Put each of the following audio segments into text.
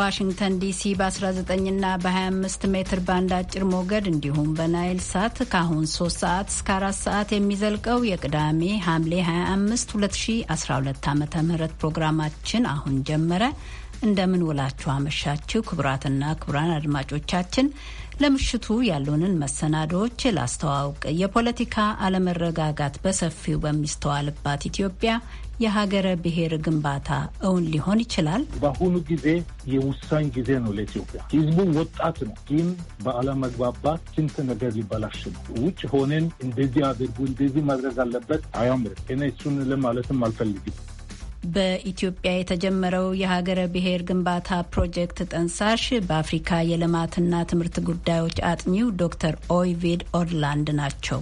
ዋሽንግተን ዲሲ በ19ና በ25 ሜትር ባንድ አጭር ሞገድ እንዲሁም በናይል ሳት ከአሁን 3 ሰዓት እስከ 4 ሰዓት የሚዘልቀው የቅዳሜ ሐምሌ 25 2012 ዓ ም ፕሮግራማችን አሁን ጀመረ። እንደምን ውላችሁ አመሻችሁ ክቡራትና ክቡራን አድማጮቻችን። ለምሽቱ ያሉንን መሰናዶዎች ላስተዋውቅ። የፖለቲካ አለመረጋጋት በሰፊው በሚስተዋልባት ኢትዮጵያ የሀገረ ብሔር ግንባታ እውን ሊሆን ይችላል። በአሁኑ ጊዜ የውሳኝ ጊዜ ነው ለኢትዮጵያ። ህዝቡ ወጣት ነው፣ ግን በአለመግባባት ስንት ነገር ሊበላሽ ነው። ውጭ ሆነን እንደዚህ አድርጉ እንደዚህ ማድረግ አለበት አያምርም። እኔ እሱን ለማለትም አልፈልግም። በኢትዮጵያ የተጀመረው የሀገረ ብሔር ግንባታ ፕሮጀክት ጠንሳሽ በአፍሪካ የልማትና ትምህርት ጉዳዮች አጥኚው ዶክተር ኦይቬድ ኦርላንድ ናቸው።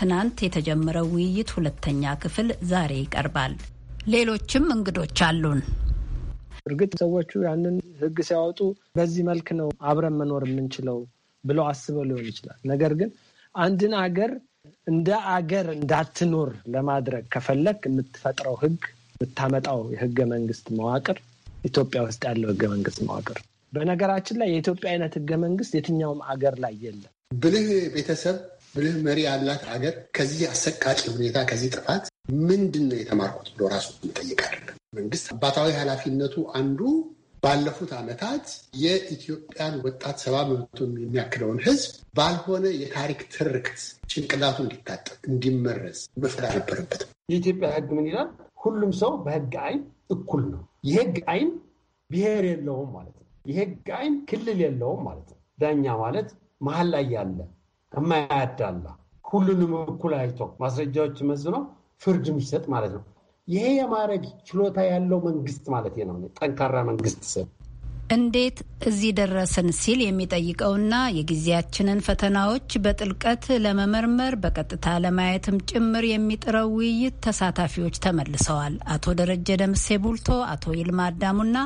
ትናንት የተጀመረው ውይይት ሁለተኛ ክፍል ዛሬ ይቀርባል። ሌሎችም እንግዶች አሉን። እርግጥ ሰዎቹ ያንን ሕግ ሲያወጡ በዚህ መልክ ነው አብረን መኖር የምንችለው ብለው አስበው ሊሆን ይችላል። ነገር ግን አንድን አገር እንደ አገር እንዳትኖር ለማድረግ ከፈለግ የምትፈጥረው ሕግ የምታመጣው የህገ መንግስት መዋቅር ኢትዮጵያ ውስጥ ያለው ህገ መንግስት መዋቅር በነገራችን ላይ የኢትዮጵያ አይነት ህገ መንግስት የትኛውም አገር ላይ የለም። ብልህ ቤተሰብ፣ ብልህ መሪ ያላት አገር ከዚህ አሰቃቂ ሁኔታ ከዚህ ጥፋት ምንድን ነው የተማርኩት ብሎ ራሱ ይጠይቃል። መንግስት አባታዊ ኃላፊነቱ አንዱ ባለፉት ዓመታት የኢትዮጵያን ወጣት ሰባ መብቱን የሚያክለውን ህዝብ ባልሆነ የታሪክ ትርክት ጭንቅላቱ እንዲታጠብ እንዲመረዝ መፍቀድ አልነበረበትም። የኢትዮጵያ ህግ ምን ይላል? ሁሉም ሰው በህግ አይን እኩል ነው። የህግ አይን ብሔር የለውም ማለት ነው። የህግ አይን ክልል የለውም ማለት ነው። ዳኛ ማለት መሀል ላይ ያለ የማያዳላ ሁሉንም እኩል አይቶ ማስረጃዎች መዝኖ ፍርድ የሚሰጥ ማለት ነው። ይሄ የማድረግ ችሎታ ያለው መንግስት ማለት ነው። ጠንካራ መንግስት ስል እንዴት እዚህ ደረስን ሲል የሚጠይቀውና የጊዜያችንን ፈተናዎች በጥልቀት ለመመርመር በቀጥታ ለማየትም ጭምር የሚጥረው ውይይት ተሳታፊዎች ተመልሰዋል። አቶ ደረጀ ደምሴ ቡልቶ፣ አቶ ይልማ አዳሙና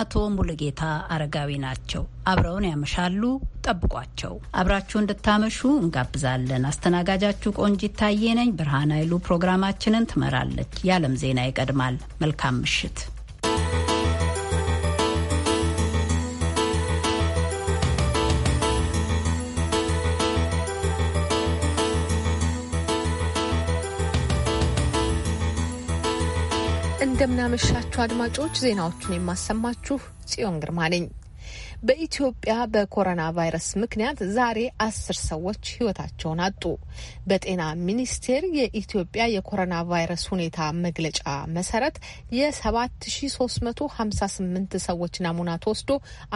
አቶ ሙሉጌታ አረጋዊ ናቸው። አብረውን ያመሻሉ። ጠብቋቸው። አብራችሁ እንድታመሹ እንጋብዛለን። አስተናጋጃችሁ ቆንጂት ታዬ ነኝ። ብርሃን ኃይሉ ፕሮግራማችንን ትመራለች። የዓለም ዜና ይቀድማል። መልካም ምሽት። እንደምናመሻችሁ አድማጮች፣ ዜናዎቹን የማሰማችሁ ጽዮን ግርማ ነኝ። በኢትዮጵያ በኮሮና ቫይረስ ምክንያት ዛሬ አስር ሰዎች ህይወታቸውን አጡ። በጤና ሚኒስቴር የኢትዮጵያ የኮሮና ቫይረስ ሁኔታ መግለጫ መሰረት የ7358 ሰዎች ናሙና ተወስዶ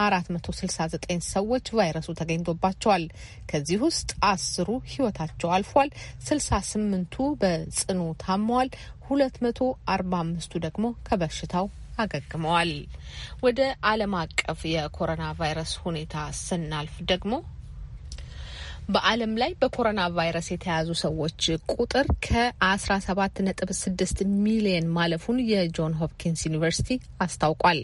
469 ሰዎች ቫይረሱ ተገኝቶባቸዋል። ከዚህ ውስጥ አስሩ ህይወታቸው አልፏል። 68ቱ በጽኑ ታመዋል። 245ቱ ደግሞ ከበሽታው አገግመዋል። ወደ ዓለም አቀፍ የኮሮና ቫይረስ ሁኔታ ስናልፍ ደግሞ በዓለም ላይ በኮሮና ቫይረስ የተያዙ ሰዎች ቁጥር ከ17.6 ሚሊዮን ማለፉን የጆን ሆፕኪንስ ዩኒቨርሲቲ አስታውቋል።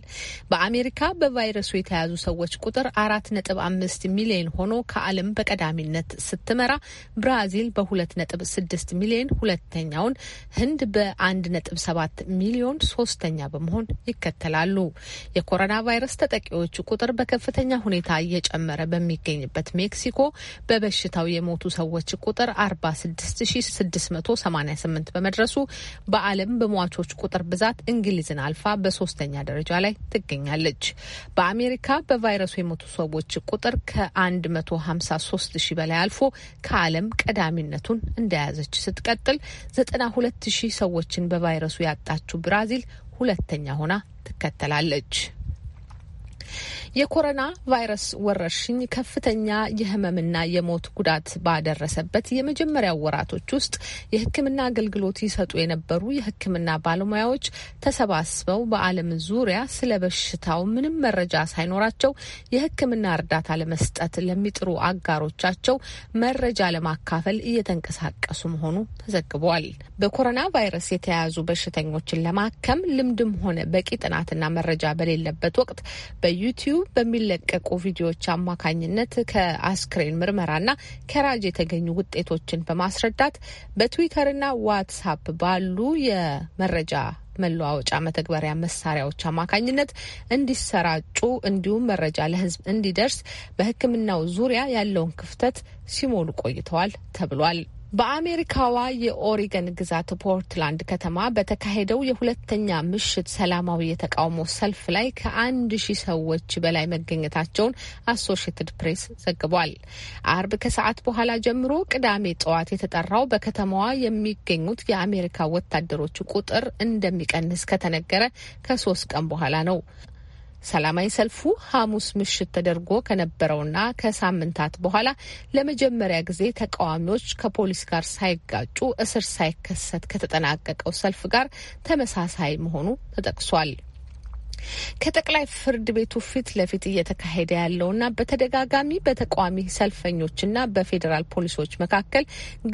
በአሜሪካ በቫይረሱ የተያዙ ሰዎች ቁጥር 4.5 ሚሊዮን ሆኖ ከዓለም በቀዳሚነት ስትመራ፣ ብራዚል በ2.6 ሚሊዮን ሁለተኛውን፣ ህንድ በ1.7 ሚሊዮን ሶስተኛ በመሆን ይከተላሉ። የኮሮና ቫይረስ ተጠቂዎች ቁጥር በከፍተኛ ሁኔታ እየጨመረ በሚገኝበት ሜክሲኮ በበ በበሽታው የሞቱ ሰዎች ቁጥር 46688 በመድረሱ በዓለም በሟቾች ቁጥር ብዛት እንግሊዝን አልፋ በሶስተኛ ደረጃ ላይ ትገኛለች። በአሜሪካ በቫይረሱ የሞቱ ሰዎች ቁጥር ከ153 ሺ በላይ አልፎ ከዓለም ቀዳሚነቱን እንደያዘች ስትቀጥል 92000 ሰዎችን በቫይረሱ ያጣችው ብራዚል ሁለተኛ ሆና ትከተላለች። የኮሮና ቫይረስ ወረርሽኝ ከፍተኛ የህመምና የሞት ጉዳት ባደረሰበት የመጀመሪያው ወራቶች ውስጥ የህክምና አገልግሎት ይሰጡ የነበሩ የህክምና ባለሙያዎች ተሰባስበው በዓለም ዙሪያ ስለ በሽታው ምንም መረጃ ሳይኖራቸው የህክምና እርዳታ ለመስጠት ለሚጥሩ አጋሮቻቸው መረጃ ለማካፈል እየተንቀሳቀሱ መሆኑ ተዘግቧል። በኮሮና ቫይረስ የተያያዙ በሽተኞችን ለማከም ልምድም ሆነ በቂ ጥናትና መረጃ በሌለበት ወቅት በዩቲዩብ በሚለቀቁ ቪዲዮዎች አማካኝነት ከአስክሬን ምርመራና ከራጅ የተገኙ ውጤቶችን በማስረዳት በትዊተርና ዋትሳፕ ባሉ የመረጃ መለዋወጫ መተግበሪያ መሳሪያዎች አማካኝነት እንዲሰራጩ እንዲሁም መረጃ ለሕዝብ እንዲደርስ በሕክምናው ዙሪያ ያለውን ክፍተት ሲሞሉ ቆይተዋል ተብሏል። በአሜሪካዋ የኦሪገን ግዛት ፖርትላንድ ከተማ በተካሄደው የሁለተኛ ምሽት ሰላማዊ የተቃውሞ ሰልፍ ላይ ከአንድ ሺህ ሰዎች በላይ መገኘታቸውን አሶሽየትድ ፕሬስ ዘግቧል። አርብ ከሰዓት በኋላ ጀምሮ ቅዳሜ ጠዋት የተጠራው በከተማዋ የሚገኙት የአሜሪካ ወታደሮች ቁጥር እንደሚቀንስ ከተነገረ ከሶስት ቀን በኋላ ነው። ሰላማዊ ሰልፉ ሐሙስ ምሽት ተደርጎ ከነበረውና ከሳምንታት በኋላ ለመጀመሪያ ጊዜ ተቃዋሚዎች ከፖሊስ ጋር ሳይጋጩ እስር ሳይከሰት ከተጠናቀቀው ሰልፍ ጋር ተመሳሳይ መሆኑ ተጠቅሷል። ከጠቅላይ ፍርድ ቤቱ ፊት ለፊት እየተካሄደ ያለውና በተደጋጋሚ በተቃዋሚ ሰልፈኞችና በፌዴራል ፖሊሶች መካከል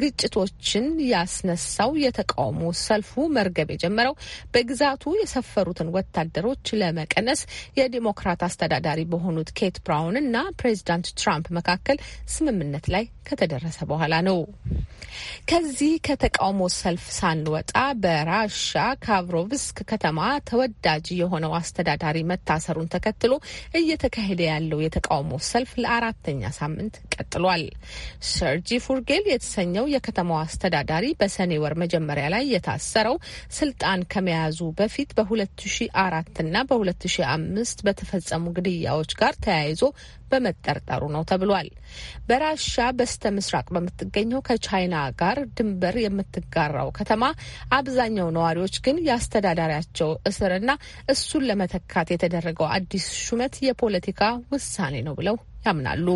ግጭቶችን ያስነሳው የተቃውሞ ሰልፉ መርገብ የጀመረው በግዛቱ የሰፈሩትን ወታደሮች ለመቀነስ የዲሞክራት አስተዳዳሪ በሆኑት ኬት ብራውን እና ፕሬዚዳንት ትራምፕ መካከል ስምምነት ላይ ከተደረሰ በኋላ ነው። ከዚህ ከተቃውሞ ሰልፍ ሳንወጣ በራሻ ካብሮቭስክ ከተማ ተወዳጅ የሆነው አስተዳዳሪ መታሰሩን ተከትሎ እየተካሄደ ያለው የተቃውሞ ሰልፍ ለአራተኛ ሳምንት ቀጥሏል። ሰርጂ ፉርጌል የተሰኘው የከተማው አስተዳዳሪ በሰኔ ወር መጀመሪያ ላይ የታሰረው ስልጣን ከመያዙ በፊት በ2004 እና በ2005 በተፈጸሙ ግድያዎች ጋር ተያይዞ በመጠርጠሩ ነው ተብሏል። በራሻ በስተ ምስራቅ በምትገኘው ከቻይና ጋር ድንበር የምትጋራው ከተማ አብዛኛው ነዋሪዎች ግን የአስተዳዳሪያቸው እስርና እሱን ለመተካት የተደረገው አዲስ ሹመት የፖለቲካ ውሳኔ ነው ብለው ያምናሉ።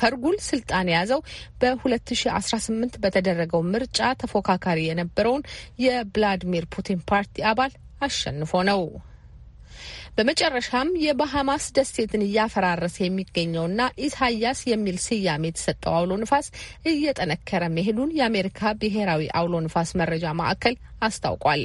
ፈርጉል ስልጣን የያዘው በ2018 በተደረገው ምርጫ ተፎካካሪ የነበረውን የቭላዲሚር ፑቲን ፓርቲ አባል አሸንፎ ነው። በመጨረሻም የባሃማስ ደሴትን እያፈራረሰ የሚገኘውና ኢሳያስ የሚል ስያሜ የተሰጠው አውሎ ንፋስ እየጠነከረ መሄዱን የአሜሪካ ብሔራዊ አውሎ ንፋስ መረጃ ማዕከል አስታውቋል።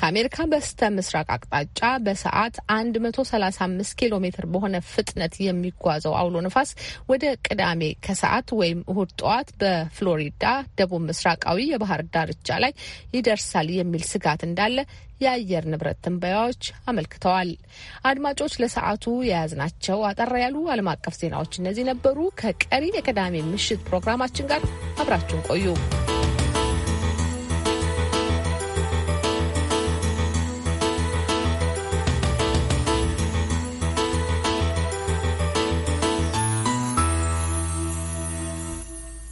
ከአሜሪካ በስተ ምስራቅ አቅጣጫ በሰዓት 135 ኪሎ ሜትር በሆነ ፍጥነት የሚጓዘው አውሎ ንፋስ ወደ ቅዳሜ ከሰዓት ወይም እሁድ ጠዋት በፍሎሪዳ ደቡብ ምስራቃዊ የባህር ዳርቻ ላይ ይደርሳል የሚል ስጋት እንዳለ የአየር ንብረት ትንበያዎች አመልክተዋል። አድማጮች ለሰዓቱ የያዝናቸው አጠር ያሉ ዓለም አቀፍ ዜናዎች እነዚህ ነበሩ። ከቀሪ የቅዳሜ ምሽት ፕሮግራማችን ጋር አብራችሁን ቆዩ።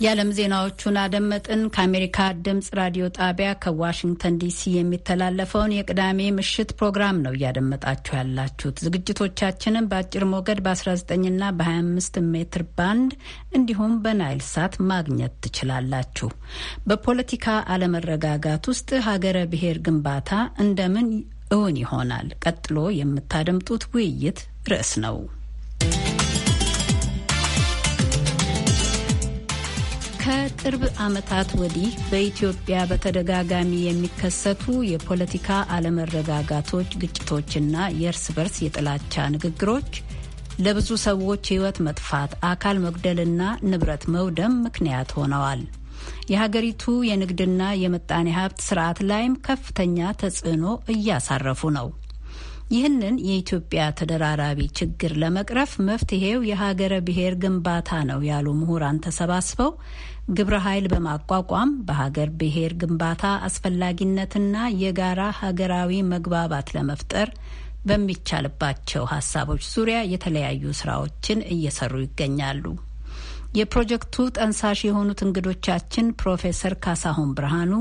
የዓለም ዜናዎቹን አደመጥን። ከአሜሪካ ድምፅ ራዲዮ ጣቢያ ከዋሽንግተን ዲሲ የሚተላለፈውን የቅዳሜ ምሽት ፕሮግራም ነው እያደመጣችሁ ያላችሁት። ዝግጅቶቻችንን በአጭር ሞገድ በ19ና በ25 ሜትር ባንድ እንዲሁም በናይል ሳት ማግኘት ትችላላችሁ። በፖለቲካ አለመረጋጋት ውስጥ ሀገረ ብሔር ግንባታ እንደምን እውን ይሆናል? ቀጥሎ የምታደምጡት ውይይት ርዕስ ነው። ከቅርብ ዓመታት ወዲህ በኢትዮጵያ በተደጋጋሚ የሚከሰቱ የፖለቲካ አለመረጋጋቶች፣ ግጭቶችና የእርስ በርስ የጥላቻ ንግግሮች ለብዙ ሰዎች ሕይወት መጥፋት፣ አካል መጉደልና ንብረት መውደም ምክንያት ሆነዋል። የሀገሪቱ የንግድና የምጣኔ ሀብት ስርዓት ላይም ከፍተኛ ተጽዕኖ እያሳረፉ ነው። ይህንን የኢትዮጵያ ተደራራቢ ችግር ለመቅረፍ መፍትሄው የሀገረ ብሔር ግንባታ ነው ያሉ ምሁራን ተሰባስበው ግብረ ኃይል በማቋቋም በሀገር ብሔር ግንባታ አስፈላጊነትና የጋራ ሀገራዊ መግባባት ለመፍጠር በሚቻልባቸው ሀሳቦች ዙሪያ የተለያዩ ስራዎችን እየሰሩ ይገኛሉ። የፕሮጀክቱ ጠንሳሽ የሆኑት እንግዶቻችን ፕሮፌሰር ካሳሁን ብርሃኑ፣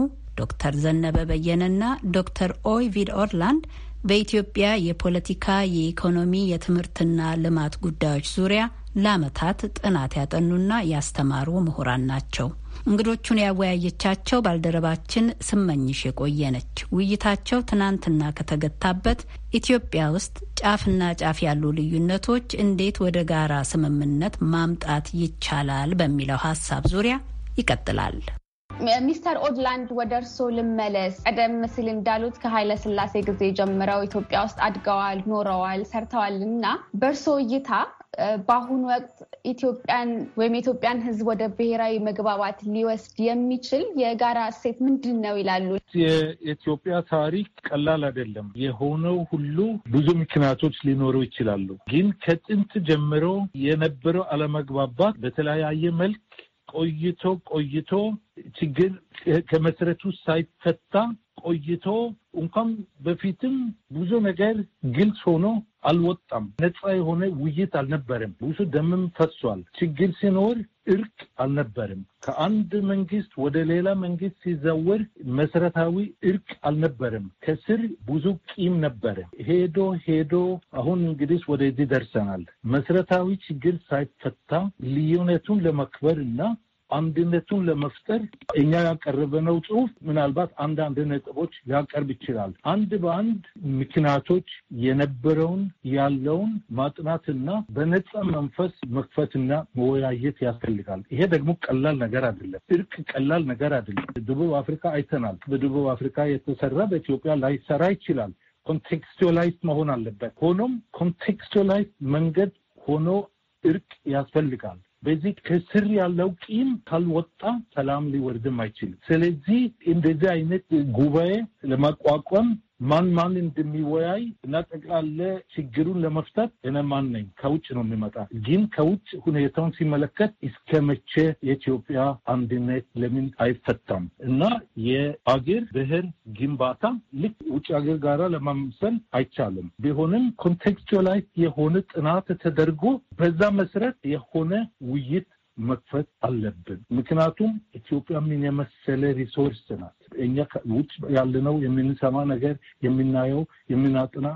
ዶክተር ዘነበ በየነና ዶክተር ኦይቪድ ኦርላንድ በኢትዮጵያ የፖለቲካ የኢኮኖሚ፣ የትምህርትና ልማት ጉዳዮች ዙሪያ ለአመታት ጥናት ያጠኑና ያስተማሩ ምሁራን ናቸው። እንግዶቹን ያወያየቻቸው ባልደረባችን ስመኝሽ የቆየ ነች። ውይይታቸው ትናንትና ከተገታበት ኢትዮጵያ ውስጥ ጫፍና ጫፍ ያሉ ልዩነቶች እንዴት ወደ ጋራ ስምምነት ማምጣት ይቻላል በሚለው ሀሳብ ዙሪያ ይቀጥላል። ሚስተር ኦድላንድ ወደ እርስዎ ልመለስ። ቀደም ሲል እንዳሉት ከኃይለ ስላሴ ጊዜ ጀምረው ኢትዮጵያ ውስጥ አድገዋል፣ ኖረዋል፣ ሰርተዋል እና በእርስዎ እይታ በአሁኑ ወቅት ኢትዮጵያን ወይም የኢትዮጵያን ሕዝብ ወደ ብሔራዊ መግባባት ሊወስድ የሚችል የጋራ እሴት ምንድን ነው ይላሉ። የኢትዮጵያ ታሪክ ቀላል አይደለም። የሆነው ሁሉ ብዙ ምክንያቶች ሊኖሩ ይችላሉ። ግን ከጥንት ጀምሮ የነበረው አለመግባባት በተለያየ መልክ ቆይቶ ቆይቶ ችግር ከመሰረቱ ሳይፈታ ቆይቶ እንኳን በፊትም ብዙ ነገር ግልጽ ሆኖ አልወጣም። ነፃ የሆነ ውይይት አልነበረም። ብዙ ደምም ፈሷል። ችግር ሲኖር እርቅ አልነበረም። ከአንድ መንግስት ወደ ሌላ መንግስት ሲዘወር መሰረታዊ እርቅ አልነበረም። ከስር ብዙ ቂም ነበረ። ሄዶ ሄዶ አሁን እንግዲህ ወደዚህ ደርሰናል። መሰረታዊ ችግር ሳይፈታ ልዩነቱን ለማክበር እና አንድነቱን ለመፍጠር እኛ ያቀረበነው ጽሁፍ ምናልባት አንዳንድ ነጥቦች ሊያቀርብ ይችላል። አንድ በአንድ ምክንያቶች የነበረውን ያለውን ማጥናትና በነጻ መንፈስ መክፈትና መወያየት ያስፈልጋል። ይሄ ደግሞ ቀላል ነገር አይደለም። እርቅ ቀላል ነገር አይደለም። ደቡብ አፍሪካ አይተናል። በደቡብ አፍሪካ የተሰራ በኢትዮጵያ ላይሰራ ይችላል። ኮንቴክስቱላይዝ መሆን አለበት። ሆኖም ኮንቴክስቱላይዝ መንገድ ሆኖ እርቅ ያስፈልጋል። በዚህ ከስር ያለው ቂም ካልወጣ ሰላም ሊወርድም አይችልም። ስለዚህ እንደዚህ አይነት ጉባኤ ለማቋቋም ማን ማን እንደሚወያይ እና ጠቅላለ ችግሩን ለመፍታት እነ ማን ነኝ ከውጭ ነው የሚመጣ ግን ከውጭ ሁኔታውን ሲመለከት እስከ መቼ የኢትዮጵያ አንድነት ለምን አይፈታም እና የአገር ብሔር ግንባታ ልክ ውጭ ሀገር ጋራ ለማምሰል አይቻልም። ቢሆንም ኮንቴክስቹዋላይዝ የሆነ ጥናት ተደርጎ በዛ መሰረት የሆነ ውይይት መክፈት አለብን። ምክንያቱም ኢትዮጵያ ምን የመሰለ ሪሶርስ ናት። እኛ ውጭ ያለነው የምንሰማ ነገር፣ የምናየው፣ የምናጥና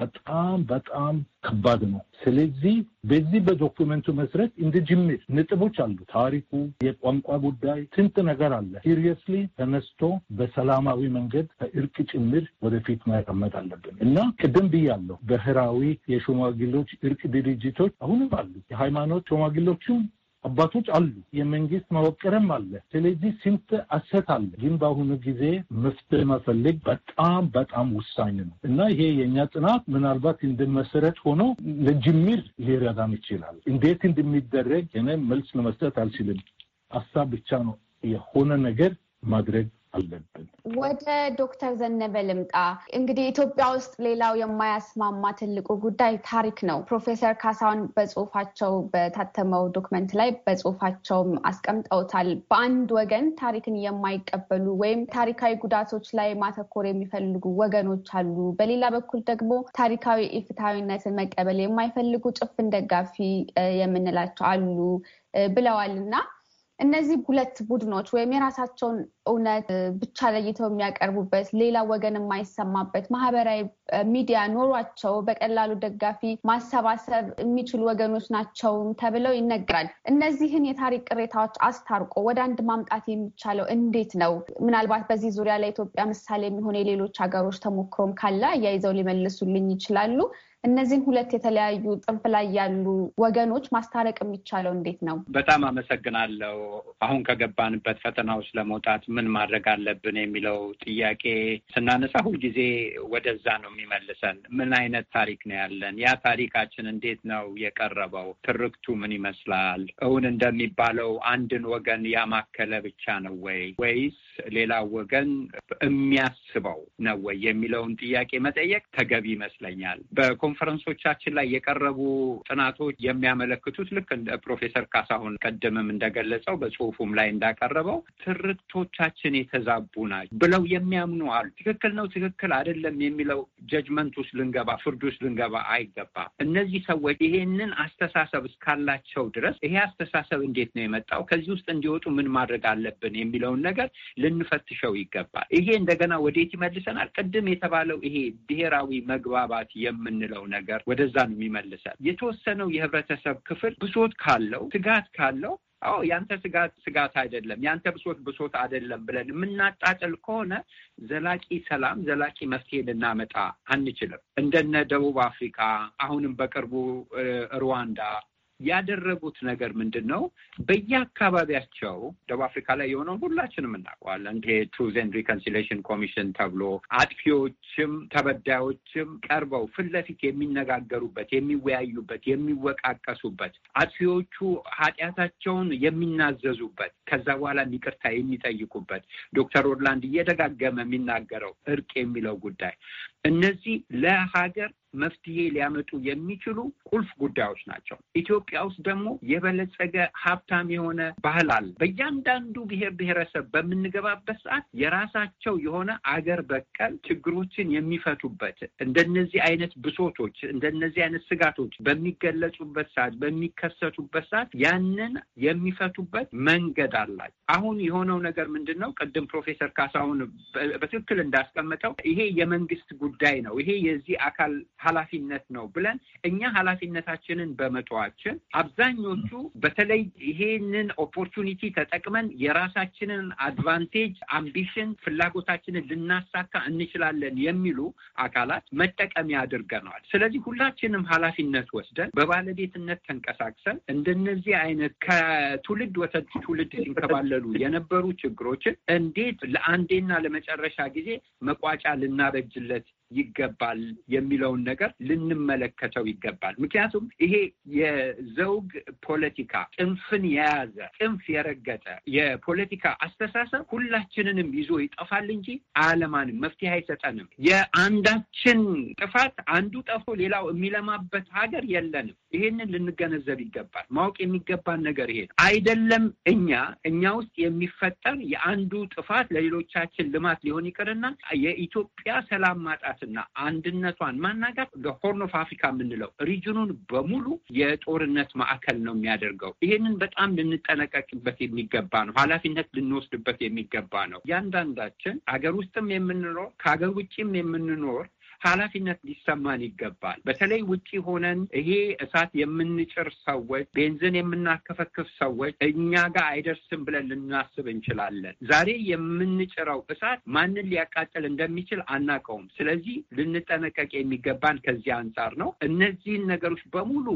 በጣም በጣም ከባድ ነው። ስለዚህ በዚህ በዶኩመንቱ መሰረት እንደ ጅምር ነጥቦች አሉ። ታሪኩ፣ የቋንቋ ጉዳይ፣ ስንት ነገር አለ። ሲሪየስሊ ተነስቶ በሰላማዊ መንገድ በእርቅ ጭምር ወደፊት መቀመጥ አለብን እና ቅድም ብያለሁ፣ ብሔራዊ የሽማግሌዎች እርቅ ድርጅቶች አሁንም አሉ። የሃይማኖት ሽማግሌዎችም አባቶች አሉ፣ የመንግስት መወቀርም አለ። ስለዚህ ስንት አሰት አለ። ግን በአሁኑ ጊዜ መፍትሄ መፈለግ በጣም በጣም ወሳኝ ነው እና ይሄ የእኛ ጥናት ምናልባት እንደመሰረት ሆኖ ለጅምር ሊረዳም ይችላል። እንዴት እንደሚደረግ እኔ መልስ ለመስጠት አልችልም። ሀሳብ ብቻ ነው የሆነ ነገር ማድረግ አለብን። ወደ ዶክተር ዘነበ ልምጣ። እንግዲህ ኢትዮጵያ ውስጥ ሌላው የማያስማማ ትልቁ ጉዳይ ታሪክ ነው። ፕሮፌሰር ካሳሁን በጽሁፋቸው በታተመው ዶክመንት ላይ በጽሁፋቸውም አስቀምጠውታል። በአንድ ወገን ታሪክን የማይቀበሉ ወይም ታሪካዊ ጉዳቶች ላይ ማተኮር የሚፈልጉ ወገኖች አሉ። በሌላ በኩል ደግሞ ታሪካዊ ኢፍትሐዊነትን መቀበል የማይፈልጉ ጭፍን ደጋፊ የምንላቸው አሉ ብለዋል እና እነዚህ ሁለት ቡድኖች ወይም የራሳቸውን እውነት ብቻ ለይተው የሚያቀርቡበት ሌላ ወገን የማይሰማበት ማህበራዊ ሚዲያ ኖሯቸው በቀላሉ ደጋፊ ማሰባሰብ የሚችሉ ወገኖች ናቸውም ተብለው ይነገራል። እነዚህን የታሪክ ቅሬታዎች አስታርቆ ወደ አንድ ማምጣት የሚቻለው እንዴት ነው? ምናልባት በዚህ ዙሪያ ለኢትዮጵያ ምሳሌ የሚሆን የሌሎች ሀገሮች ተሞክሮም ካለ አያይዘው ሊመልሱልኝ ይችላሉ። እነዚህን ሁለት የተለያዩ ጥንፍ ላይ ያሉ ወገኖች ማስታረቅ የሚቻለው እንዴት ነው? በጣም አመሰግናለሁ። አሁን ከገባንበት ፈተና ውስጥ ለመውጣት ምን ማድረግ አለብን የሚለው ጥያቄ ስናነሳ ሁልጊዜ ወደዛ ነው የሚመልሰን። ምን አይነት ታሪክ ነው ያለን? ያ ታሪካችን እንዴት ነው የቀረበው? ትርክቱ ምን ይመስላል? እውን እንደሚባለው አንድን ወገን ያማከለ ብቻ ነው ወይ ወይስ ሌላ ወገን የሚያስበው ነው ወይ የሚለውን ጥያቄ መጠየቅ ተገቢ ይመስለኛል። ኮንፈረንሶቻችን ላይ የቀረቡ ጥናቶች የሚያመለክቱት ልክ እንደ ፕሮፌሰር ካሳሁን ቀደምም እንደገለጸው በጽሁፉም ላይ እንዳቀረበው ትርቶቻችን የተዛቡ ናቸው ብለው የሚያምኑ አሉ። ትክክል ነው፣ ትክክል አይደለም የሚለው ጀጅመንት ውስጥ ልንገባ፣ ፍርድ ውስጥ ልንገባ አይገባ። እነዚህ ሰዎች ይሄንን አስተሳሰብ እስካላቸው ድረስ ይሄ አስተሳሰብ እንዴት ነው የመጣው፣ ከዚህ ውስጥ እንዲወጡ ምን ማድረግ አለብን የሚለውን ነገር ልንፈትሸው ይገባል። ይሄ እንደገና ወዴት ይመልሰናል? ቅድም የተባለው ይሄ ብሔራዊ መግባባት የምንለው የሚለው ነገር ወደዛ ነው የሚመልሰል። የተወሰነው የህብረተሰብ ክፍል ብሶት ካለው ስጋት ካለው አዎ ያንተ ስጋት ስጋት አይደለም፣ ያንተ ብሶት ብሶት አይደለም ብለን የምናጣጥል ከሆነ ዘላቂ ሰላም፣ ዘላቂ መፍትሄ ልናመጣ አንችልም። እንደነ ደቡብ አፍሪካ አሁንም በቅርቡ ሩዋንዳ ያደረጉት ነገር ምንድን ነው? በየአካባቢያቸው ደቡብ አፍሪካ ላይ የሆነውን ሁላችንም እናውቀዋለን። ይሄ ትሩዝ ኤንድ ሪኮንሲሌሽን ኮሚሽን ተብሎ አጥፊዎችም ተበዳዮችም ቀርበው ፊት ለፊት የሚነጋገሩበት፣ የሚወያዩበት፣ የሚወቃቀሱበት አጥፊዎቹ ኃጢአታቸውን የሚናዘዙበት ከዛ በኋላ ይቅርታ የሚጠይቁበት ዶክተር ኦርላንድ እየደጋገመ የሚናገረው እርቅ የሚለው ጉዳይ እነዚህ ለሀገር መፍትሄ ሊያመጡ የሚችሉ ቁልፍ ጉዳዮች ናቸው። ኢትዮጵያ ውስጥ ደግሞ የበለጸገ ሀብታም የሆነ ባህል አለ። በእያንዳንዱ ብሔር ብሔረሰብ በምንገባበት ሰዓት የራሳቸው የሆነ አገር በቀል ችግሮችን የሚፈቱበት እንደነዚህ አይነት ብሶቶች፣ እንደነዚህ አይነት ስጋቶች በሚገለጹበት ሰዓት፣ በሚከሰቱበት ሰዓት ያንን የሚፈቱበት መንገድ አላቸው። አሁን የሆነው ነገር ምንድን ነው? ቅድም ፕሮፌሰር ካሳሁን በትክክል እንዳስቀመጠው ይሄ የመንግስት ጉዳይ ነው። ይሄ የዚህ አካል ኃላፊነት ነው ብለን እኛ ኃላፊነታችንን በመጠዋችን አብዛኞቹ በተለይ ይሄንን ኦፖርቹኒቲ ተጠቅመን የራሳችንን አድቫንቴጅ፣ አምቢሽን፣ ፍላጎታችንን ልናሳካ እንችላለን የሚሉ አካላት መጠቀሚያ አድርገነዋል። ስለዚህ ሁላችንም ኃላፊነት ወስደን በባለቤትነት ተንቀሳቅሰን እንደነዚህ አይነት ከትውልድ ወደ ትውልድ ሲንከባለሉ የነበሩ ችግሮችን እንዴት ለአንዴና ለመጨረሻ ጊዜ መቋጫ ልናበጅለት ይገባል የሚለውን ነገር ልንመለከተው ይገባል። ምክንያቱም ይሄ የዘውግ ፖለቲካ ጥንፍን የያዘ ጥንፍ የረገጠ የፖለቲካ አስተሳሰብ ሁላችንንም ይዞ ይጠፋል እንጂ አለማንም መፍትሄ አይሰጠንም። የአንዳችን ጥፋት አንዱ ጠፍቶ ሌላው የሚለማበት ሀገር የለንም። ይሄንን ልንገነዘብ ይገባል። ማወቅ የሚገባን ነገር ይሄ ነው። አይደለም እኛ እኛ ውስጥ የሚፈጠር የአንዱ ጥፋት ለሌሎቻችን ልማት ሊሆን ይቅርና የኢትዮጵያ ሰላም ማጣት ማጥፋትና አንድነቷን ማናጋት ለሆርን ኦፍ አፍሪካ የምንለው ሪጅኑን በሙሉ የጦርነት ማዕከል ነው የሚያደርገው። ይሄንን በጣም ልንጠነቀቅበት የሚገባ ነው፣ ኃላፊነት ልንወስድበት የሚገባ ነው። እያንዳንዳችን ሀገር ውስጥም የምንኖር ከሀገር ውጭም የምንኖር ኃላፊነት ሊሰማን ይገባል። በተለይ ውጪ ሆነን ይሄ እሳት የምንጭር ሰዎች፣ ቤንዝን የምናከፈክፍ ሰዎች እኛ ጋር አይደርስም ብለን ልናስብ እንችላለን። ዛሬ የምንጭረው እሳት ማንን ሊያቃጥል እንደሚችል አናውቀውም። ስለዚህ ልንጠነቀቅ የሚገባን ከዚህ አንጻር ነው። እነዚህን ነገሮች በሙሉ